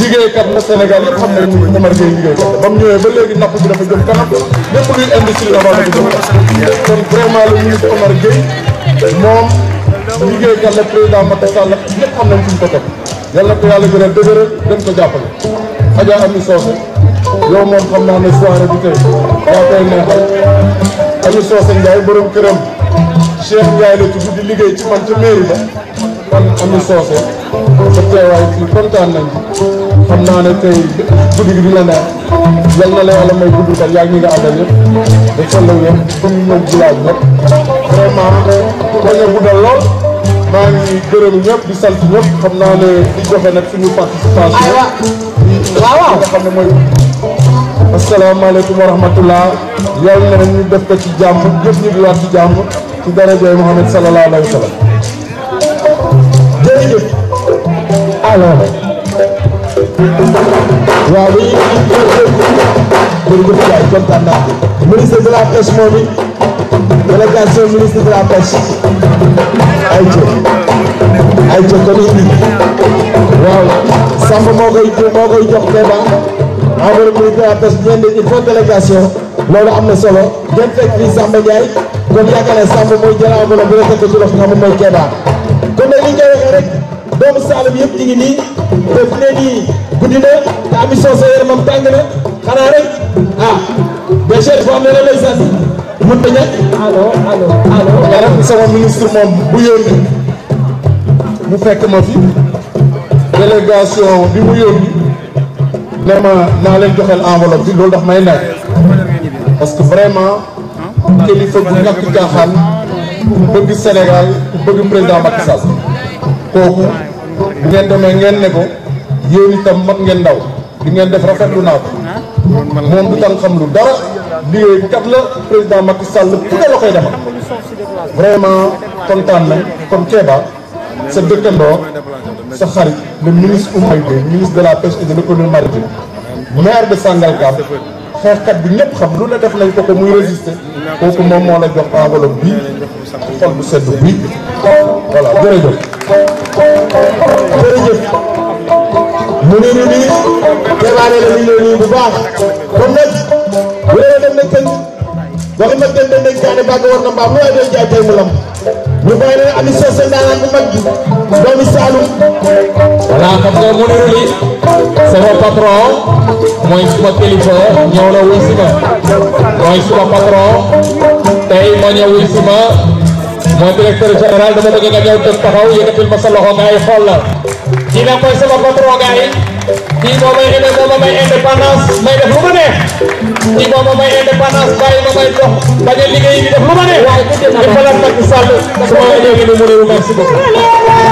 liggéeykat na Sénégal yëpp xam nañ ni Omar Gueye liggéeykat la ba mu ñëwee ba léegi napp bi dafa jëm kanam lépp luy industrie avant dafa jëm kanam kon vraiment le ministre Omar Gueye moom liggéeykat la président Macky Sall ñëpp xam nañ fi ñu ko teg yàlla ko yàlla gën a dëgëral gën ko jàppale Adja Ami Socé yow moom xam naa ne soirée bi tey yaa koy neexal Ami Socé Ndiaye borom këram Cheikh Ndiaye la tudd di liggéey ci man ca mairie ba kon Ami Socé sa teewaay fii kontaan nañ xam naa ne tey guddi gi dina neex yal na la yàlla may gudd kan yaa ngi ñi nga àndal yëpp da sollaw yëpp comme ñoom village ñëpp vraiment ko ñëw guddal lool maa ngi gërëm ñëpp di sant ñëpp xam naa ne di joxe nag suñu participation waaw nga xam ne mooy asalaamaaleykum wa rahmatullah yal na ñu def ko ci jàmm jëf ñu di waat ci jàmm ci daraja Muhammad sallallahu alayhi wa sallam jërëjëf alors waaw dañuy indi kër jaay kontaan naa ministre de la pêche moom it délégation ministre de la pêche ay ca ay ca kon indi waaw Samba moo koy moo koy jox Kéba envoi ministre de la pêche ñeent il faut délégation loolu am na solo ngeen fekk fii Samba Ndiaye kon yaakaar naa Samba mooy jël envoi bu la fekk ci loxo nga xam mooy Kéba kon nag li nga waxee rek doomu Saalum yëpp ñu ngi nii def leen nii. guddi na te am mission sa tàng na xanaa rek ah des foo xam ne lan lay sas mënut a ñàkk. allo allo allo. maanaam sama ministre moom bu yónni mu fekk ma fi délégation bi mu yónni ne ma naa bi loolu daf may naaj parce que vraiment kilifa bu ñàkk caaxaan bëgg Sénégal bëgg président Macky kooku bu ngeen demee ngeen ne ko. yéen tam mag ngeen ndaw li ngeen def rafetlu naa ko moom du tan xam lu dara liggéey kat la président Macky Sall ku ne la koy defal vraiment kontaan nañ comme Kéba sa dëkkandoo sa xarit le ministre Oumar Gueye ministre de la pêche et de l'économie maritime maire de Sangalkam xeexkat bi ñëpp xam lu ne def nañ ko ko muy résister kooku moom moo la jox enveloppe bi xol bu sedd bi voilà jërëjëf jërëjëf mu ni ñu nii teewaane la ñu ñëw nii bu baax kon nag bu dee dem nañ kenn wax nga dem nañ kaane bàgg war na mbaam lu waay doon jaay tey mu lam ñu bàyyi leen ami soose ndaanaan bu mag bi doomi Saalum voilà xam nga mu ni ñu nii sama patron mooy suma kilifa ñëw na wuy si ma mooy suma patron tey a ñëw wuy si ma mooy directeur général dama bëgg nga a tëb taxaw yëkkatil ma sa loxo nga ay xool la kii nag mooy sama patron gars yi kii moo may indi moo ma may indépendance may def lu ma neex kii moo ma may indépendance bàyyi ma may dox bañ a liggéey bi def lu ma neex waaye ku jël ma Macky Sall su ma la ñëwee ni mu réew merci beaucoup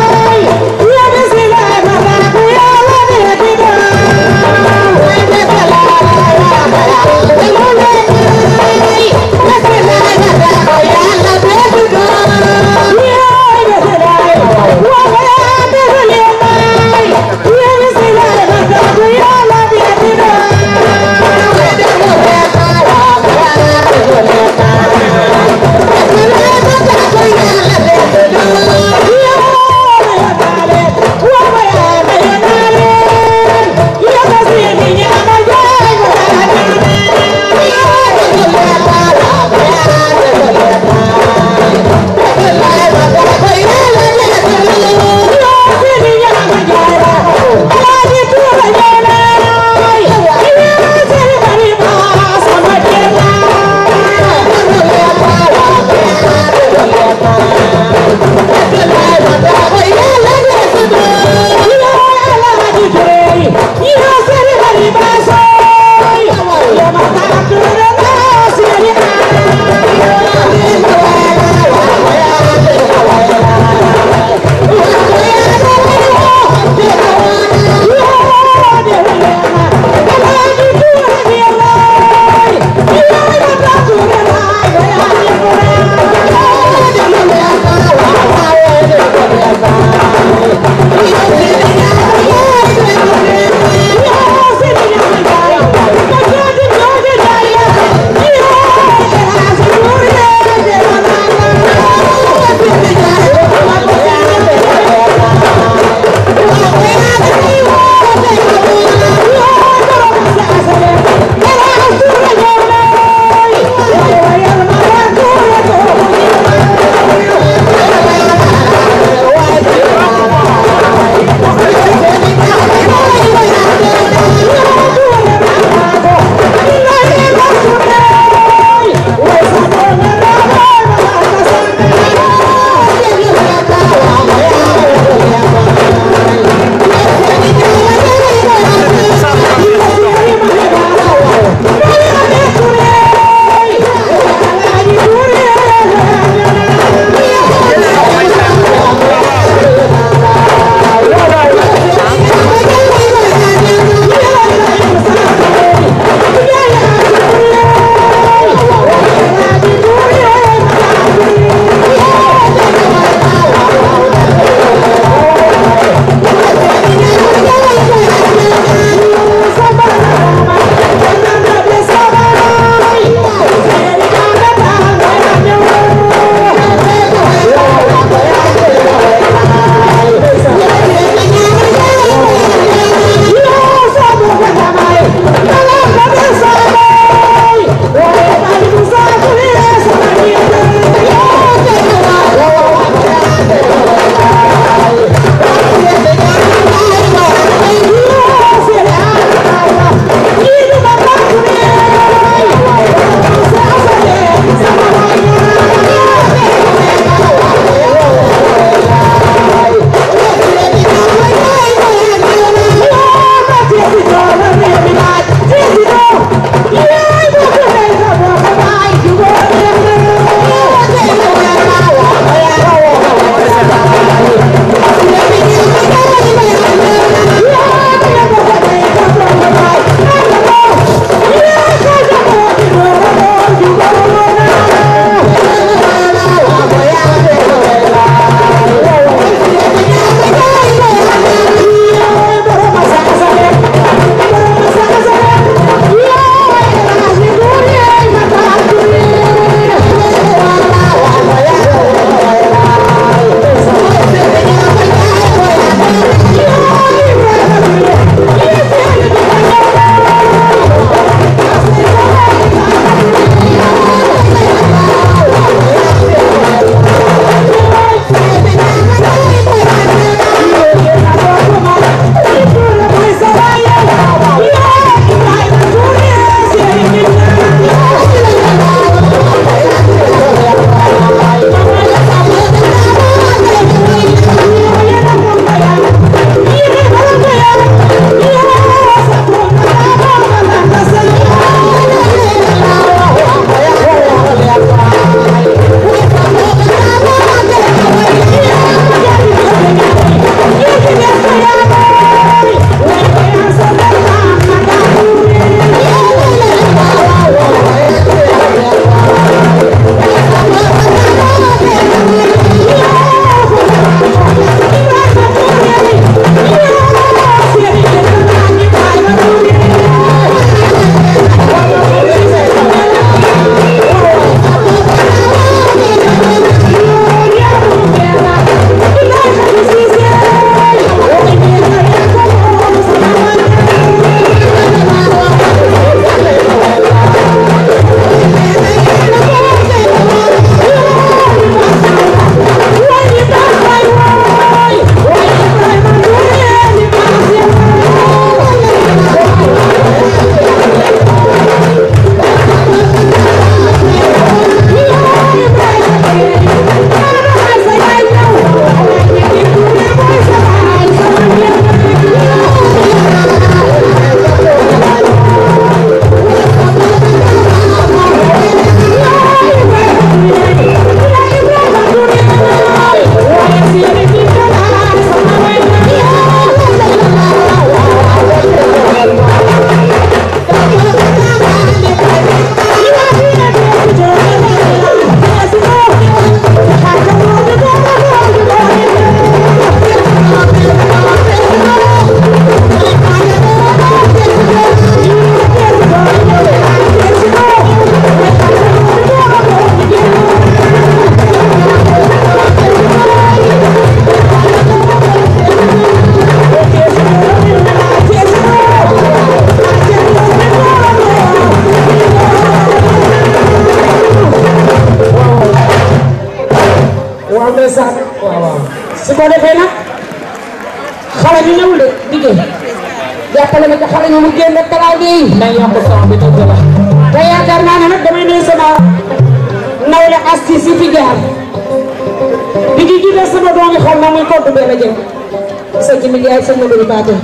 yaay sëñ Modou Faté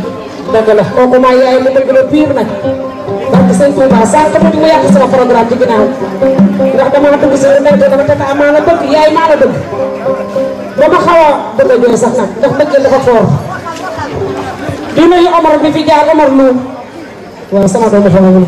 dëgg la kooku maa yaay mu dëgg la pire nag barke sëñ Touba sànq mu di mu yàq sama programme ci ginnaaw ndax dama dugg si rek dama dama ah, tata maa la bëgg yaay maa la bëgg ba ma xaw a bëgg a ñëw sax nag ndax bëggee dafa foor di nuyu Omar bi fi jaar Omar Loum waaw sama doomu xamamul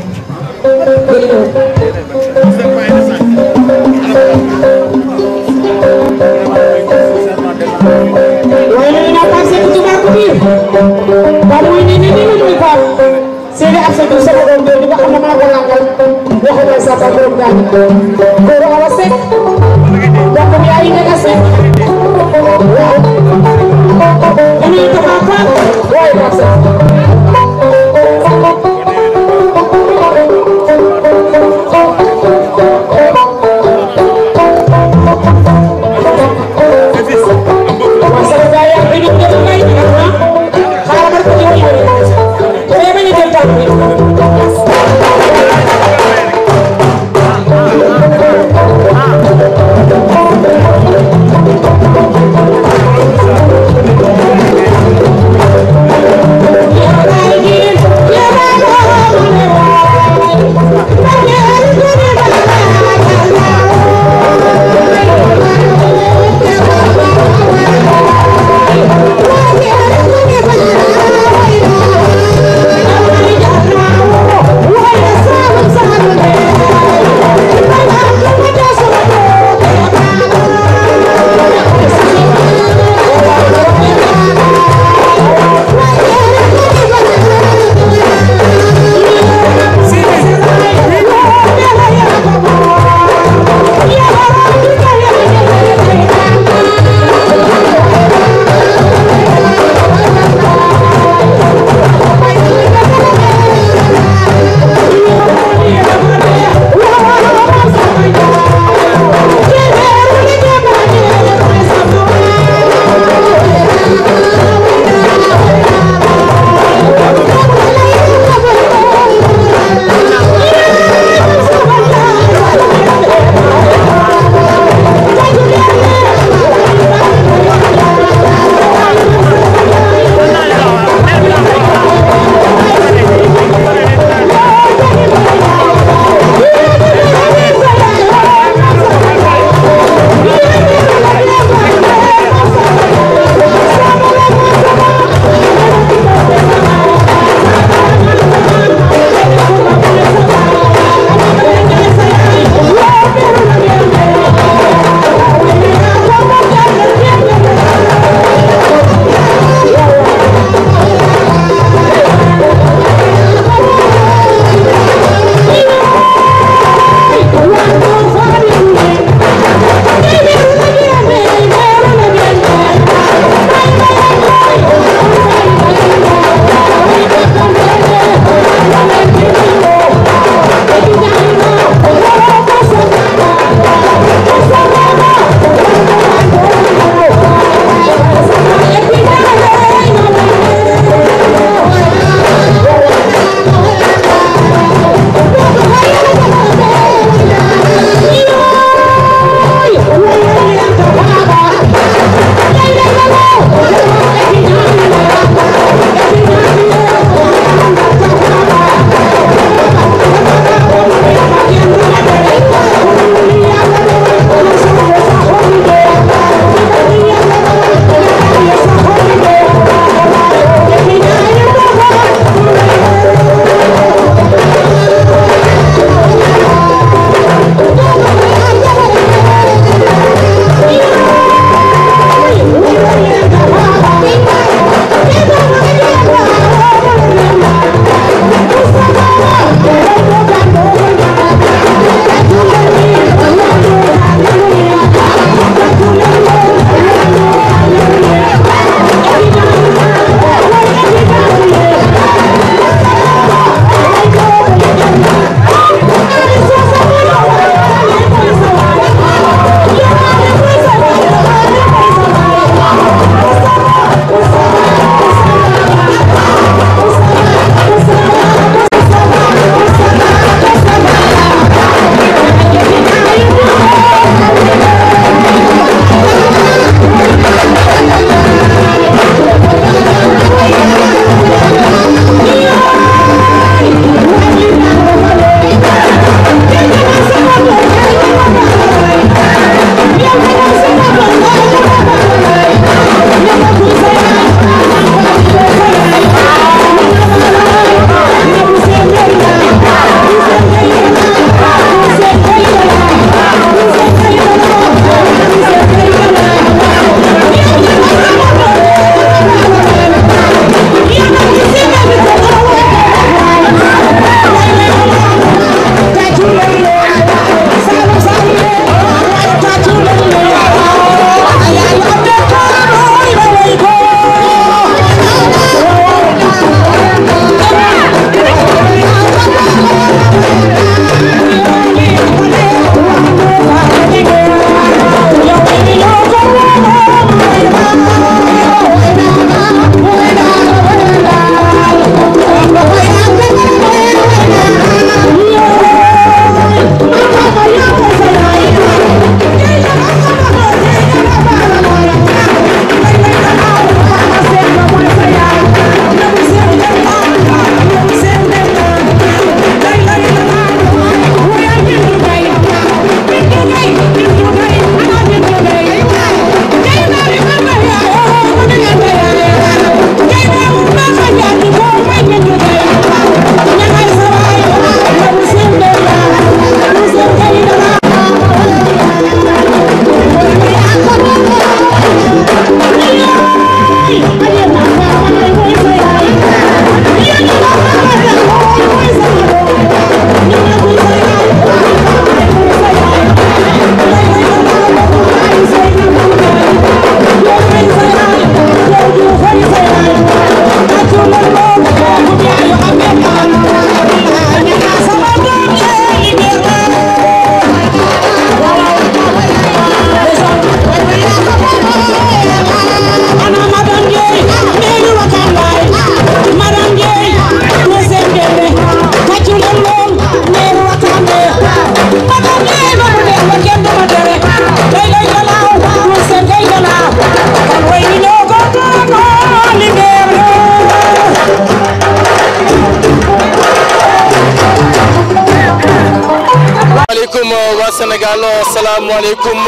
asalaamaaleykum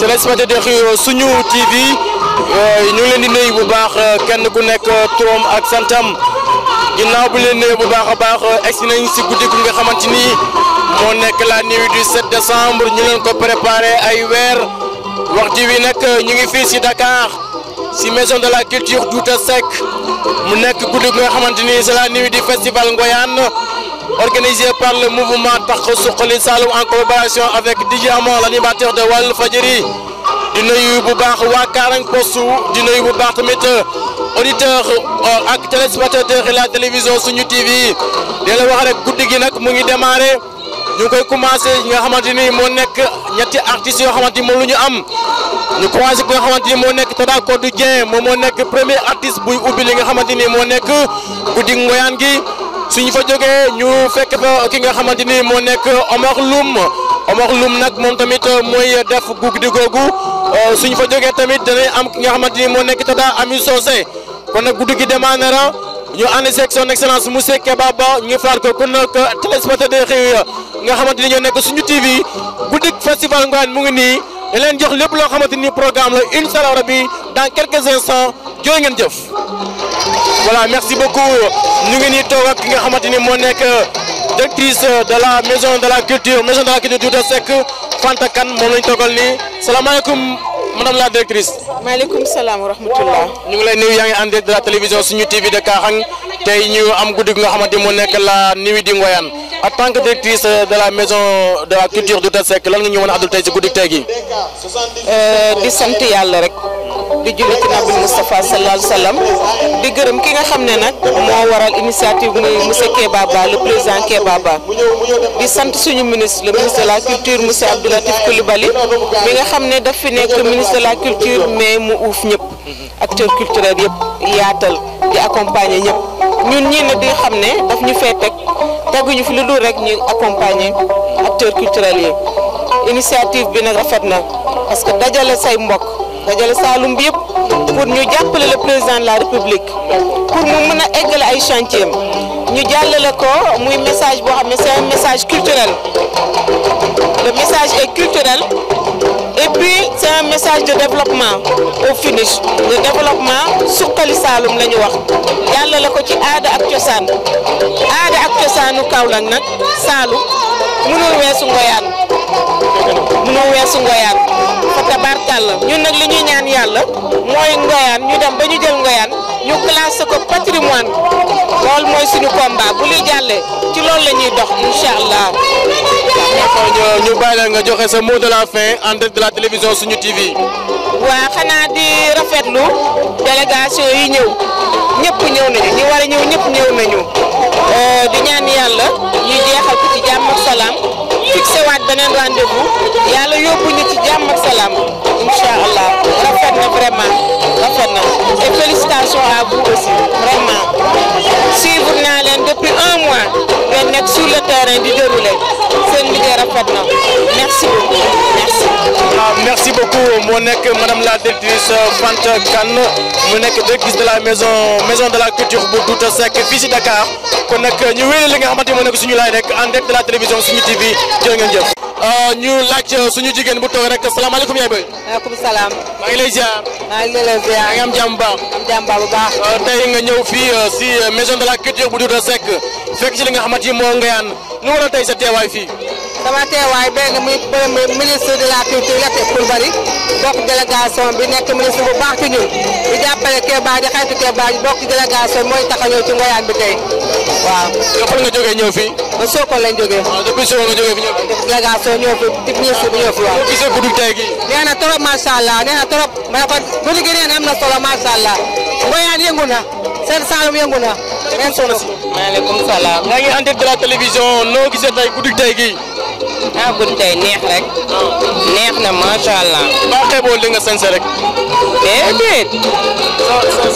téléspectateurs yi suñu TV ñu ngi leen di nuyu bu baax euh, kenn ku nekk euh, turam ak santam ginnaaw bu leen nuyu bu baax a baax euh, egsi si guddi gu nga xamante ni moo nekk la nuit du 7 décembre ñu leen ko préparé ay weer waxtu wi nag ñu ngi fii si Dakar si maison de la culture Douta Seck mu nekk guddi gu nga xamante ni c'est la nuit du festival Ngoyane. organisé par le mouvement Taxawu Suqali Saloum en collaboration avec DJ Amon l'animateur de Walfadjri di nuyu bu baax waa Karang Postu di nuyu bu baax tamit euh, auditeur euh, ak téléspectateur la télévision suñu TV di la wax rek guddi gi nag mu ngi démarré ñu ngi koy commencé nga xamante ni moo nekk ñetti artistes yoo xamante ni moom am ñu commencé nga xamante moo nekk Tada Codou Dieng moom moo nekk premier artiste buy ubbi li nga xamante ni moo nekk guddi ngoyaan gi. suñu fa jógee ñu fekk fa ki nga xamante ni moo nekk Omar Loum Omar Loum nag moom tamit euh, mooy def guddi googu euh, suñu fa jegee tamit danañ am ki nga xamante ni moo nekk Tata Ami Socé kon nag guddi gi demande na ñu ànd seeg son excellence monsieur Keba Ba ñu faral ko kon nag téléspectateur yi nga xamante ni ñoo nekk suñu TV guddi festival Ngoyane mu ngi nii. di leen jox lépp loo xamante ni programme la incha allah dans quelques instants jooy ngeen jëf. voilà merci beaucoup ñu ngi nii toog ki nga xamante ni moo nekk euh, directrice euh, de la maison de la culture maison de la culture Douta Seck Fanta Kane moom lañ toogal nii salaamaaleykum. madame la directrice. maaleykum salaam wa rahmatullah. ñu ngi lay nuyu yaa ngi en direct de la télévision suñu TV de Kaxang tey ñu am guddi nga xamante ni moo nekk la nuit di Ngoyane en tant directrice de la maison de la culture Douta Seck lan nga ñu mën a addul tey si guddi tey gi. Euh, di di julli ci nabi Moustapha sallallahu alayhi di gërëm ki nga xam ne nag moo waral initiative muy monsieur Kéba Ba le président Kéba Ba di sant suñu ministre le ministre de la culture monsieur Abdoulatif Coulibaly nga xam ne daf fi nekk ministre de la culture mais mu uuf ñëpp acteur culturel yëpp yaatal di accompagner ñëpp ñun ñii nag di xam ne daf ñu fee teg teguñu fi lu dul rek ñu accompagner acteur culturel yi initiative bi nag rafet na parce que dajale say mbokk. dajale Saalum bi yëpp pour ñu jàppale le président de la république pour mu mën a eggale ay chantier muy message boo xam ne c'est message culturel le message est culturel et puis c'est message de développement au finish de développement suqali Saalum la wax jàllale ko ci aada ak cosaan aada ak cosaanu Kaolack nag Saalum mënul weesu ngoyaan mënoo weesu ngoyaan fa tabarkàlla ñun nag li ñuy ñaan yàlla mooy ngoyaan ñu dem ba ñu jël ngoyaan ñu classé ko patrimoine loolu mooy suñu combat bu luy jàllee ci loolu la ñuy dox incha allah. ñu bàyyi la nga joxe sa mot de la fin en direct de la télévision suñu TV. waa xanaa di rafetlu délégation yi ñëw ñëpp ñëw nañu ñi war a ñëw ñëpp ñëw nañu euh, di ñaan yàlla ñu jeexal ko ci jàmm salaam. fixé waat beneen rendez-vous yàlla yóbbu ñu ci jàmm ak salaam incha allah rafet na vraiment rafet na et félicitations à vous aussi vraiment suivre naa depuis un mois ngeen nekk sur le di dérouler seen liggéey rafet na ah, merci beaucoup moo nekk madame la directrice Fanta Kane mu nekk directrice de la maison maison de la culture bu Douta Seck fii si Dakar kon nag ñu wéyale li nga xamante ne moo nekk suñu laay rek en direct de la télévision suñu TV jërë ngeen jëf. Ah, ñu laaj suñu jigéen bu toog rek salaamaaleykum yaay béy. maaleykum salaam. maa ngi am jàmm am jàmm bu baax. Ah, tey nga ñëw fii si maison de la culture bu Douta Seck. yegg fekk ci li nga xamante ni moo ngayaan lu waral tey sa teewaay fii. sama teewaay benn muy premier ministre de la culture Latif Coulibaly bokk délégation bi nekk ministre bu baax ci ñun di jàppale Kéba di xaytu Kéba bokk délégation mooy tax a ñëw ci ngoyaan bi tey waaw. yow nga jógee ñëw fii. ba Sokone lañ jógee. waaw depuis Sokone nga jógee fi ñëw. délégation ñëw fi di ministre bi ñëw fi waaw. boo gisee na trop macha allah nee na trop ma ne ko guddi yëngu na seen Saalum yëngu ngeen soxna si. maaleykum salaam. yaa ngi en noo gisee tey guddi tey gii. ah guddi tey neex rek. neex na macha allah. baa xeeboo li nga sañse rek. déedéet.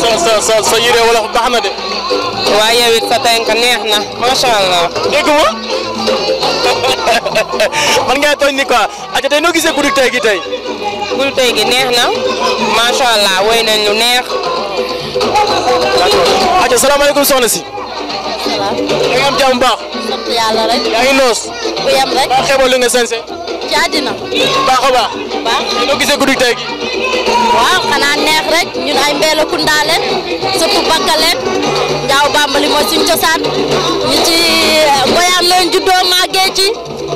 sa sa sa sa yére wala baax na de. neex na macha allah. dégg nga. man ngaa tooñ ni quoi ak tey noo gisee guddi tey gi tey. guddi tey gi neex na. macha allah woy lu neex. acca salaamaaleykum soxna si. waaw. da baax. sant rek. yaa noos. bu yem rek. baax xeebal li nga sañse. baax baax. baax noo gisee guddi tey gi. waaw neex rek ñun ay Mbeelakunda leen surtout Bakka leen Njaaw Bambali mooy suñu cosaan ñu ci eh, ngoyaan leen juddoo màggee ci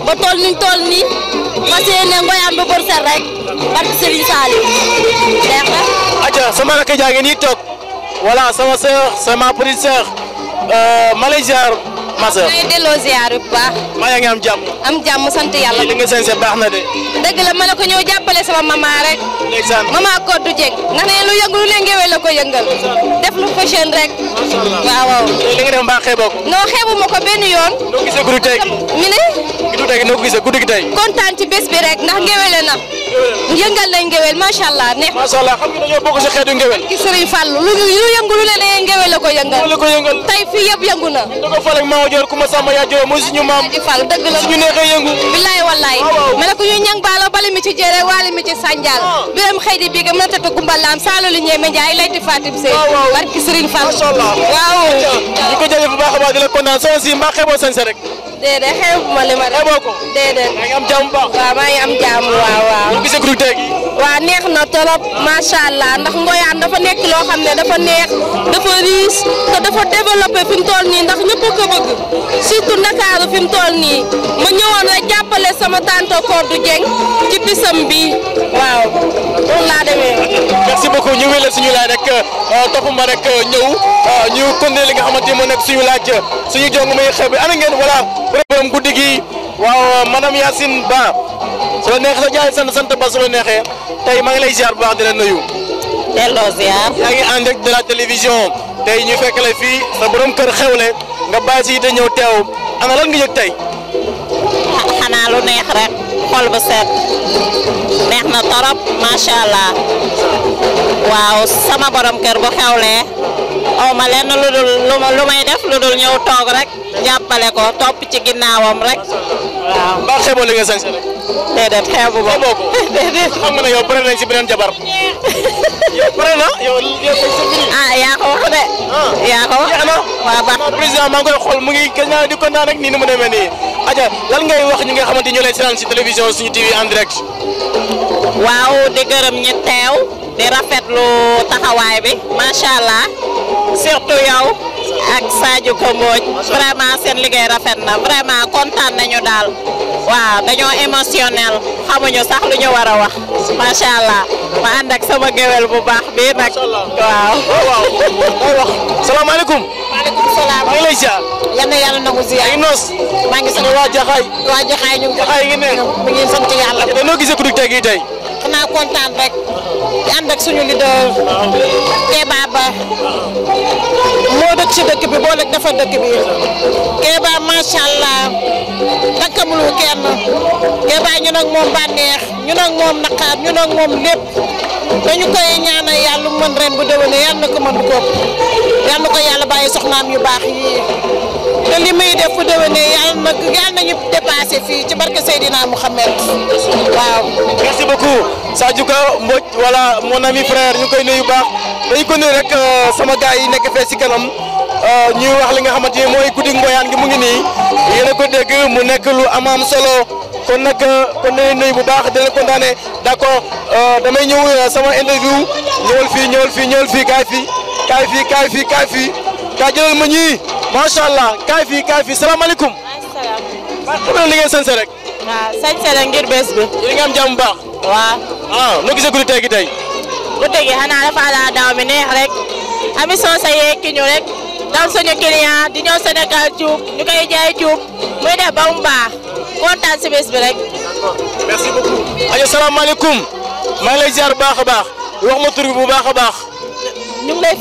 ba tool niñ tool nii fas yéene ngoyaan ba bër rek barke Serigne Saliou jaa ngeen yi voilà sama sœur c'est ma petite sœur ma lay ziar ma sœur. ngay delloo baax. maa am jàmm. am jàmm sant yàlla. li nga baax na de. dëgg la ma ne ko ñëw jàppale sama mama rek. ndeysaan mama Codou Dieng. ndax nee lu yëngu lu ne la ko yëngal. def lu fashion rek. macha allah waaw waaw. li nga def mbaa xeeboo ko. benn yoon. noo gisee guddi tey gi mi ne. kontaan ci bés rek ndax ngewee la na. yëngal nañ ngewel macha neex na. macha allah xam nga dañoo bokk si xeetu ngewel. ak Serigne Fallou lu ñu yëngu lu ne da ngeen ngewel la ko yëngal. la ko yëngal tey fii yëpp yëngu na. da ko fal ak maa joor ku ma sàmm yaa joor dëgg la suñu yëngu. billaay wallaay ma ne ko ñang baalo bali mi ci jëre waali mi ci sànjaal. Ah. biram xëy di biga mën a tëdd gumbalaam lu ñeeme njaay layti fatim sey ah, barki Serigne Fallou. waaw ñu ko jëlee bu a la kontaan sama si mbaa xeeboo sañ déedéet xeebuma li ma def. ko déedéet. maa am jàmm baax. waaw maa am jàmm waaw waaw. neex na trop macha allah ndax Ngoyane dafa nekk loo xam ne dafa neex dafa riche te dafa développé fi mu nii ndax ñëpp a ko bëgg surtout Ndakaaru fi mu nii ma ñëwoon rek jàppale sama tante Codou Dieng ci bisam bi waaw loolu laa demee. merci beaucoup ñu ngi la suñu laaj rek euh, topp rek euh, ñëw. Ah, ñu continuer li nga xamante ni moo nekk suñu laaj suñu jong muy xew bi ana ngeen voilà borom waaw madame Yacine Ba soo la neexee sa jaay sant sant ba su la neexee tey maa ngi lay ziar bu baax di la nuyu. tey ñu fekk la fii sa borom kër xewle nga bàyyi si te ñëw teew ana lan nga yëg tey. xanaa lu neex rek xol bu set neex na torop macha allah waaw sama borom kër bu xewlee aw ma lenn lu dul lu may def lu dul ñëw toog rek jàppale ko topp ci ginnaawam rek mbaa xeeboo li nga sañ sa déedéet xeebu ba déedéet xam ne yow pare nañ si beneen jabar. yow pare na yow ah yaa ko ah. président maa koy xool mu ngi gis a di kontaan rek nii ni mu demee nii. aja lan ngay wax ñi nga xamante ñu lay seetaan si télévision suñu TV en direct. waaw di gërëm ñi teew di rafetlu taxawaay bi macha surtout yow ak Sadio ko Mbodj vraiment seen liggéey rafet na vraiment kontaan nañu daal waaw dañoo émotionnel xamuñu sax lu ñu war a wax macha ma ànd ak sama géwél bu baax bii nag waaw. waaw salaamaaleykum. maaleykum salaam. maa ngi lay ziar. yal na yàlla nangu ziar. maa ngi sant waa Jaxaay. waa Jaxaay ñu ngi. Jaxaay ngi ne. mi ngi sant ku dugg gii tey. xanaa kontaan rek di ànd ak suñu leader Kéba Ba moo dëkk ci dëkk bi boo lekk dafa dëkk bi Kéba macha allah takkamul wu kenn Kéba ñu nag moom bànneex ñu nag moom naqaar ñu nag moom lépp dañu koy ñaanal yàlla mën ren bu déwénee yàlla na ko mën ko yàlla ko yàlla bàyyi soxnaam yu baax yi. te li muy def bu déwénee yàlla na yàlla nañu dépassé fii ci barke Seydina Mouhamed waaw. merci beaucoup Sadji Ka Mbodj voilà mon ami frère ñu koy nuyu baax dañu ko nuyu rek euh, sama gars yi nekk fee si kanam euh, ñuy wax li nga xamante ni mooy guddi ngoyaan gi mu ngi nii yéen ko dégg mu nekk lu amaam solo. kon nag euh, kon nañu bu baax di leen kontaanee d'accord damay ñëw sama interview ñëwal fii ñëwal fii ñëwal fii kaay fii kaay fii kaay fii kaay fii kaay jëlal ma ñii. macha allah kaay fii kaay fii salaamaaleykum. waaw xam nga li ngeen sañse rek. ngir bés bi. yéen nga baax. waaw. ah noo gisee guddi tey gi gi xanaa dafa àll daaw neex rek. ami soo sa yeeg ki ñu rek. di ñëw Sénégal cuub ñu koy jaay cuub muy def ba mu baax kontaan si bés bi rek. merci beaucoup. ajo salaamaaleykum. maa ngi lay baax a baax. wax ma tur bi baax a baax. ñu ngi lay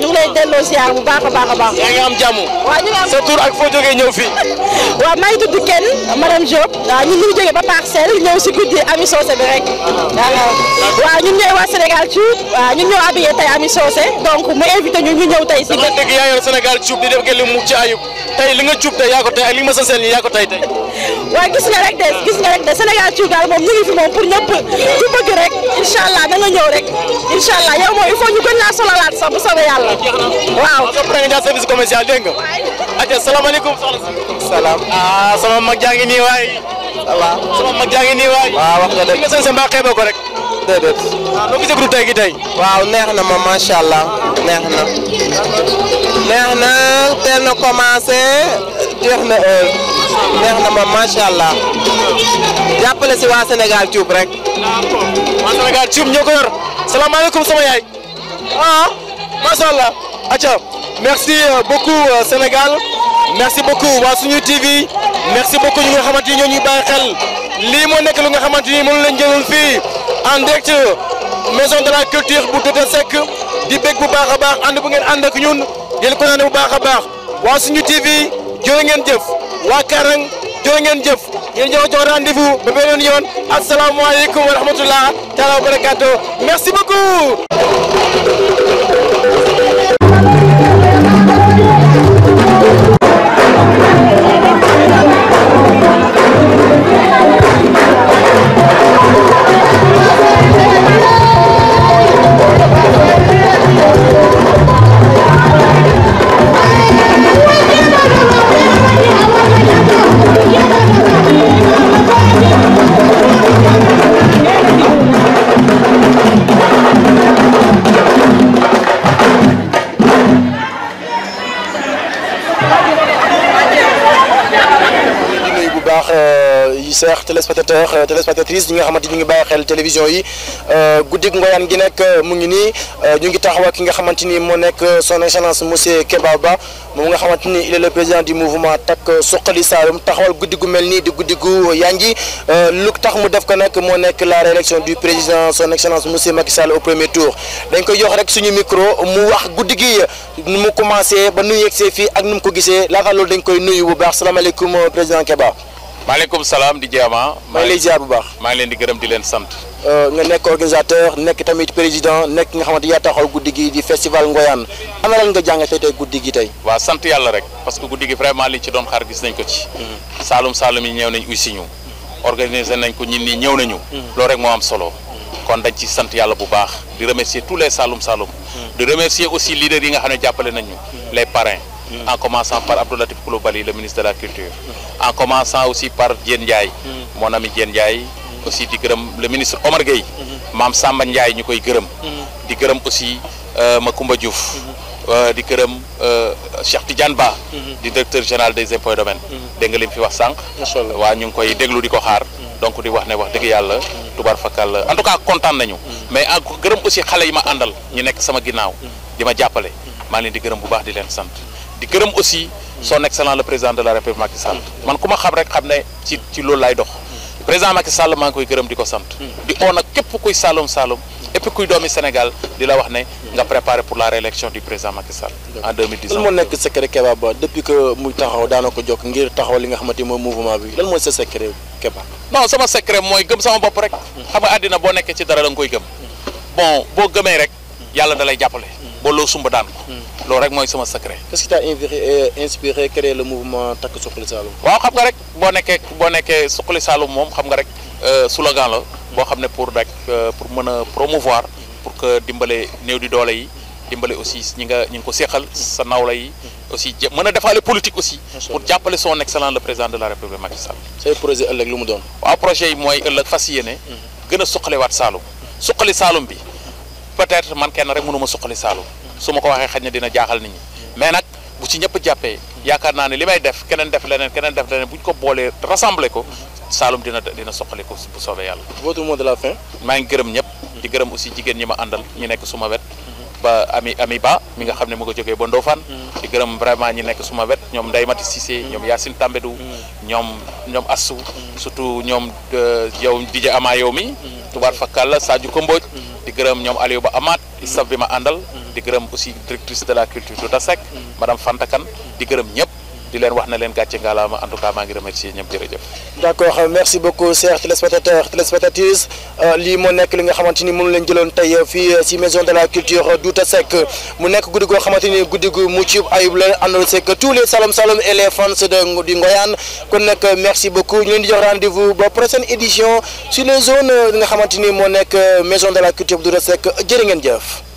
ñu ngi lay delloo ziar bu baax a baax a baax. yaa ngi am jàmm. sa tur ak foo jógee ñëw fii. waaw maa ngi tudd kenn madame Diop. waaw ñun ñu ngi jógee ba parcelle ñëw si guddi Ami Socé bi rek. waa Sénégal Cuub. waaw ñun ñoo mu invité si. dama dégg yaa yor Sénégal di def ngeen li mu li nga cuub tey yaa ko tey ak li ma saseel nii yaa ko tey tey. waaw gis yàlla waaw soxna nga daal service commercial dégg nga. atia salaamaaleykum soxna si. salaam. ah sama mag jaa ngi nii waay. waaw sama mag jaa ngi nii waay. wax nga dëgg nga seen sa mbaa rek. déedéet. waaw ah, noo gisee groupe tey gi tey. waaw neex na ma macha allah neex na. neex na teel na commencé jeex na heure neex na ma macha allah jàppale waa Sénégal cuub rek. waa Sénégal cuub ñoo ko yor. salaamaaleykum sama yaay. ah. macha allah aca merci euh, beaucoup euh, Sénégal merci beaucoup waa suñu TV merci beaucoup ñi nga xamante ni ñoo ñuy bàyyi lii moo nekk lu nga xamante ni moom lañ jëlul fii en direct maison de la culture bu Douta Seck di bég bu baax a baax ànd bu ngeen ànd ak ñun yéen ko naane bu baax a baax waa suñu TV jërë ngeen jëf waa Karang jërë ngeen jëf yéen jox jox rendez-vous ba beneen yoon asalaamaaleykum wa rahmatullah taala wa barakaatu merci beaucoup téléspectateurs euh, téléspectatrices ñi nga xamante ñu ngi bàyyi xel télévision yi euh, guddik ngoyaan gi nekk euh, mu ngi nii ñu ngi taxaw ki nga xamante ni moo nekk son excellence monsieur Kéba Ba moo nga xamante ni il est le président du mouvement Takku Suxali Saloum taxawal guddi gu mel nii di guddi gu yaa yanji lu tax mu def ko nag moo nekk la réélection du président son excellence monsieur Macky Sall au premier tour dañ koy jox rek suñu micro mu wax guddi gi nu mu commencé ba nu yegsee fii ak nu mu ko gisee laata loolu dañ koy nuyu bu baax salaamaaleykum président Kéba maaleykum salaam di Diama. maa ngi lay ziar bu baax maa ngi leen di gërëm di leen sant. Euh, nga nekk organisateur nekk tamit président nekk nga xamante yaa taxawal guddi gi di festival Ngoyane ana lan nga jàngatee tey guddi gi tey. waa sant yàlla rek parce que guddi gi vraiment liñ ci doon xaar gis nañ ko ci. Mhm. Saalum Saalum yi ñëw nañ uy si ñu. organiser nañ ko ñin nii ñëw nañu. Mhm. loolu rek moo am solo. kon dañ ci sant yàlla bu baax di remercier tous les Saalum Saalum. Mhm. di aussi leaders yi nga xam ne jàppale nañ ñu. les parrains. Mm. en commençant par Abdoulatif Koulibaly le ministre de la culture mm. en commençant aussi par Diène Ndiaye mm. mon ami Diène aussi di gërëm le ministre Omar Gueye mm-hmm. Mame Samba Ndiaye ñu koy gërëm mm-hmm. di gërëm aussi euh, Macoumba Diouf mm-hmm. euh, di gërëm euh, Cheikh Tidiane Ba di directeur général des impôts et domaines dégg nga lim fi wax sànq waa ñu ngi koy déglu di ko xaar donc di wax ne wax dëgg yàlla tubaar fakal en tout cas kontaan nañu mais ak gërëm aussi xale yi ma àndal ñu nekk sama ginnaaw di ma jàppale maa gërëm bu baax di leen sant di gërëm aussi son excellence le président de la république Macky man ku ma xam rek xam ne ci loolu laay dox président Macky Sall koy gërëm di ko sant di oo nag képp kuy Saloum Saloum et kuy doomi Sénégal di la wax ne nga préparé pour la réélection du président Macky Sall en 2019 moo nekk secret Keba Ba depuis que muy taxaw daana ko ngir taxaw li nga xamante ni mooy mouvement bi lan mooy sa secret Keba non sama secret mooy gëm sama bopp rek xam nga da lay jàppale boo loo sumba daan loolu rek mooy sama secret. qu'est-ce qui t'a euh, inspiré inspiré créer le mouvement takk xam nga rek boo nekkee boo nekkee Suxali Saloum moom xam nga rek euh, slogan boo xam ne pour rek euh, pour mën a promouvoir pour que dimbale néew di doole yi dimbale aussi ñi nga ñi nga ko seqal sa nawla yi. aussi jë mën a defaale politique aussi. jàppale son excellence le président de la république Macky Sall. say projet lu mu doon. waaw projet mooy ëllëg fas yéene. Mhm. gën a suqaliwaat Saloum. suqali Saloum bi peut-être man kenn rek mënuma suqali Saloum. su ma ko waxee xaj na dina jaaxal nit ñi mais nag bu ci ñëpp jàppee yaakaar naa ne li may def keneen def leneen keneen def leneen buñ ko boolee rassemblé ko Saloum dina dina soxali ko bu soobee yàlla. votre mot de la maa ngi gërëm ñëpp. di gërëm aussi jigéen ñi ma àndal ñu nekk suma wet. ba ami ami ba mi nga xam ne mu nga jógee ba Ndofane. di gërëm vraiment ñi nekk suma wet ñoom Ndeye Mati Cissé. ñoom Yacine Tambédou. ñoom ñoom Assou. surtout ñoom euh, yow DJ Ama yow mi. Mm. tubaar Fakal Sadio Kombooj. Mm. di gërëm ñoom Aliou Ba Amath. staff bi ma àndal. di gërëm aussi directrice de la culture Douta Seck madame Fanta di gërëm ñëpp di leen wax na leen gàcce ngalaama en tout cas maa ngi remercier ñëpp jërëjëf d'accord euh, merci beaucoup chers téléspectateurs téléspectatrices euh, lii moo nekk li nga xamante ni moom lañ jëloon tey euh, fii si maison de la culture Douta Seck mu nekk ni guddi gu mucc ayib la àndoon seeg merci beaucoup ñu leen di jox rendez ba prochaine édition sur les zones nga xamante ni moo nekk maison de la culture Douta Seck jërë ngeen jëf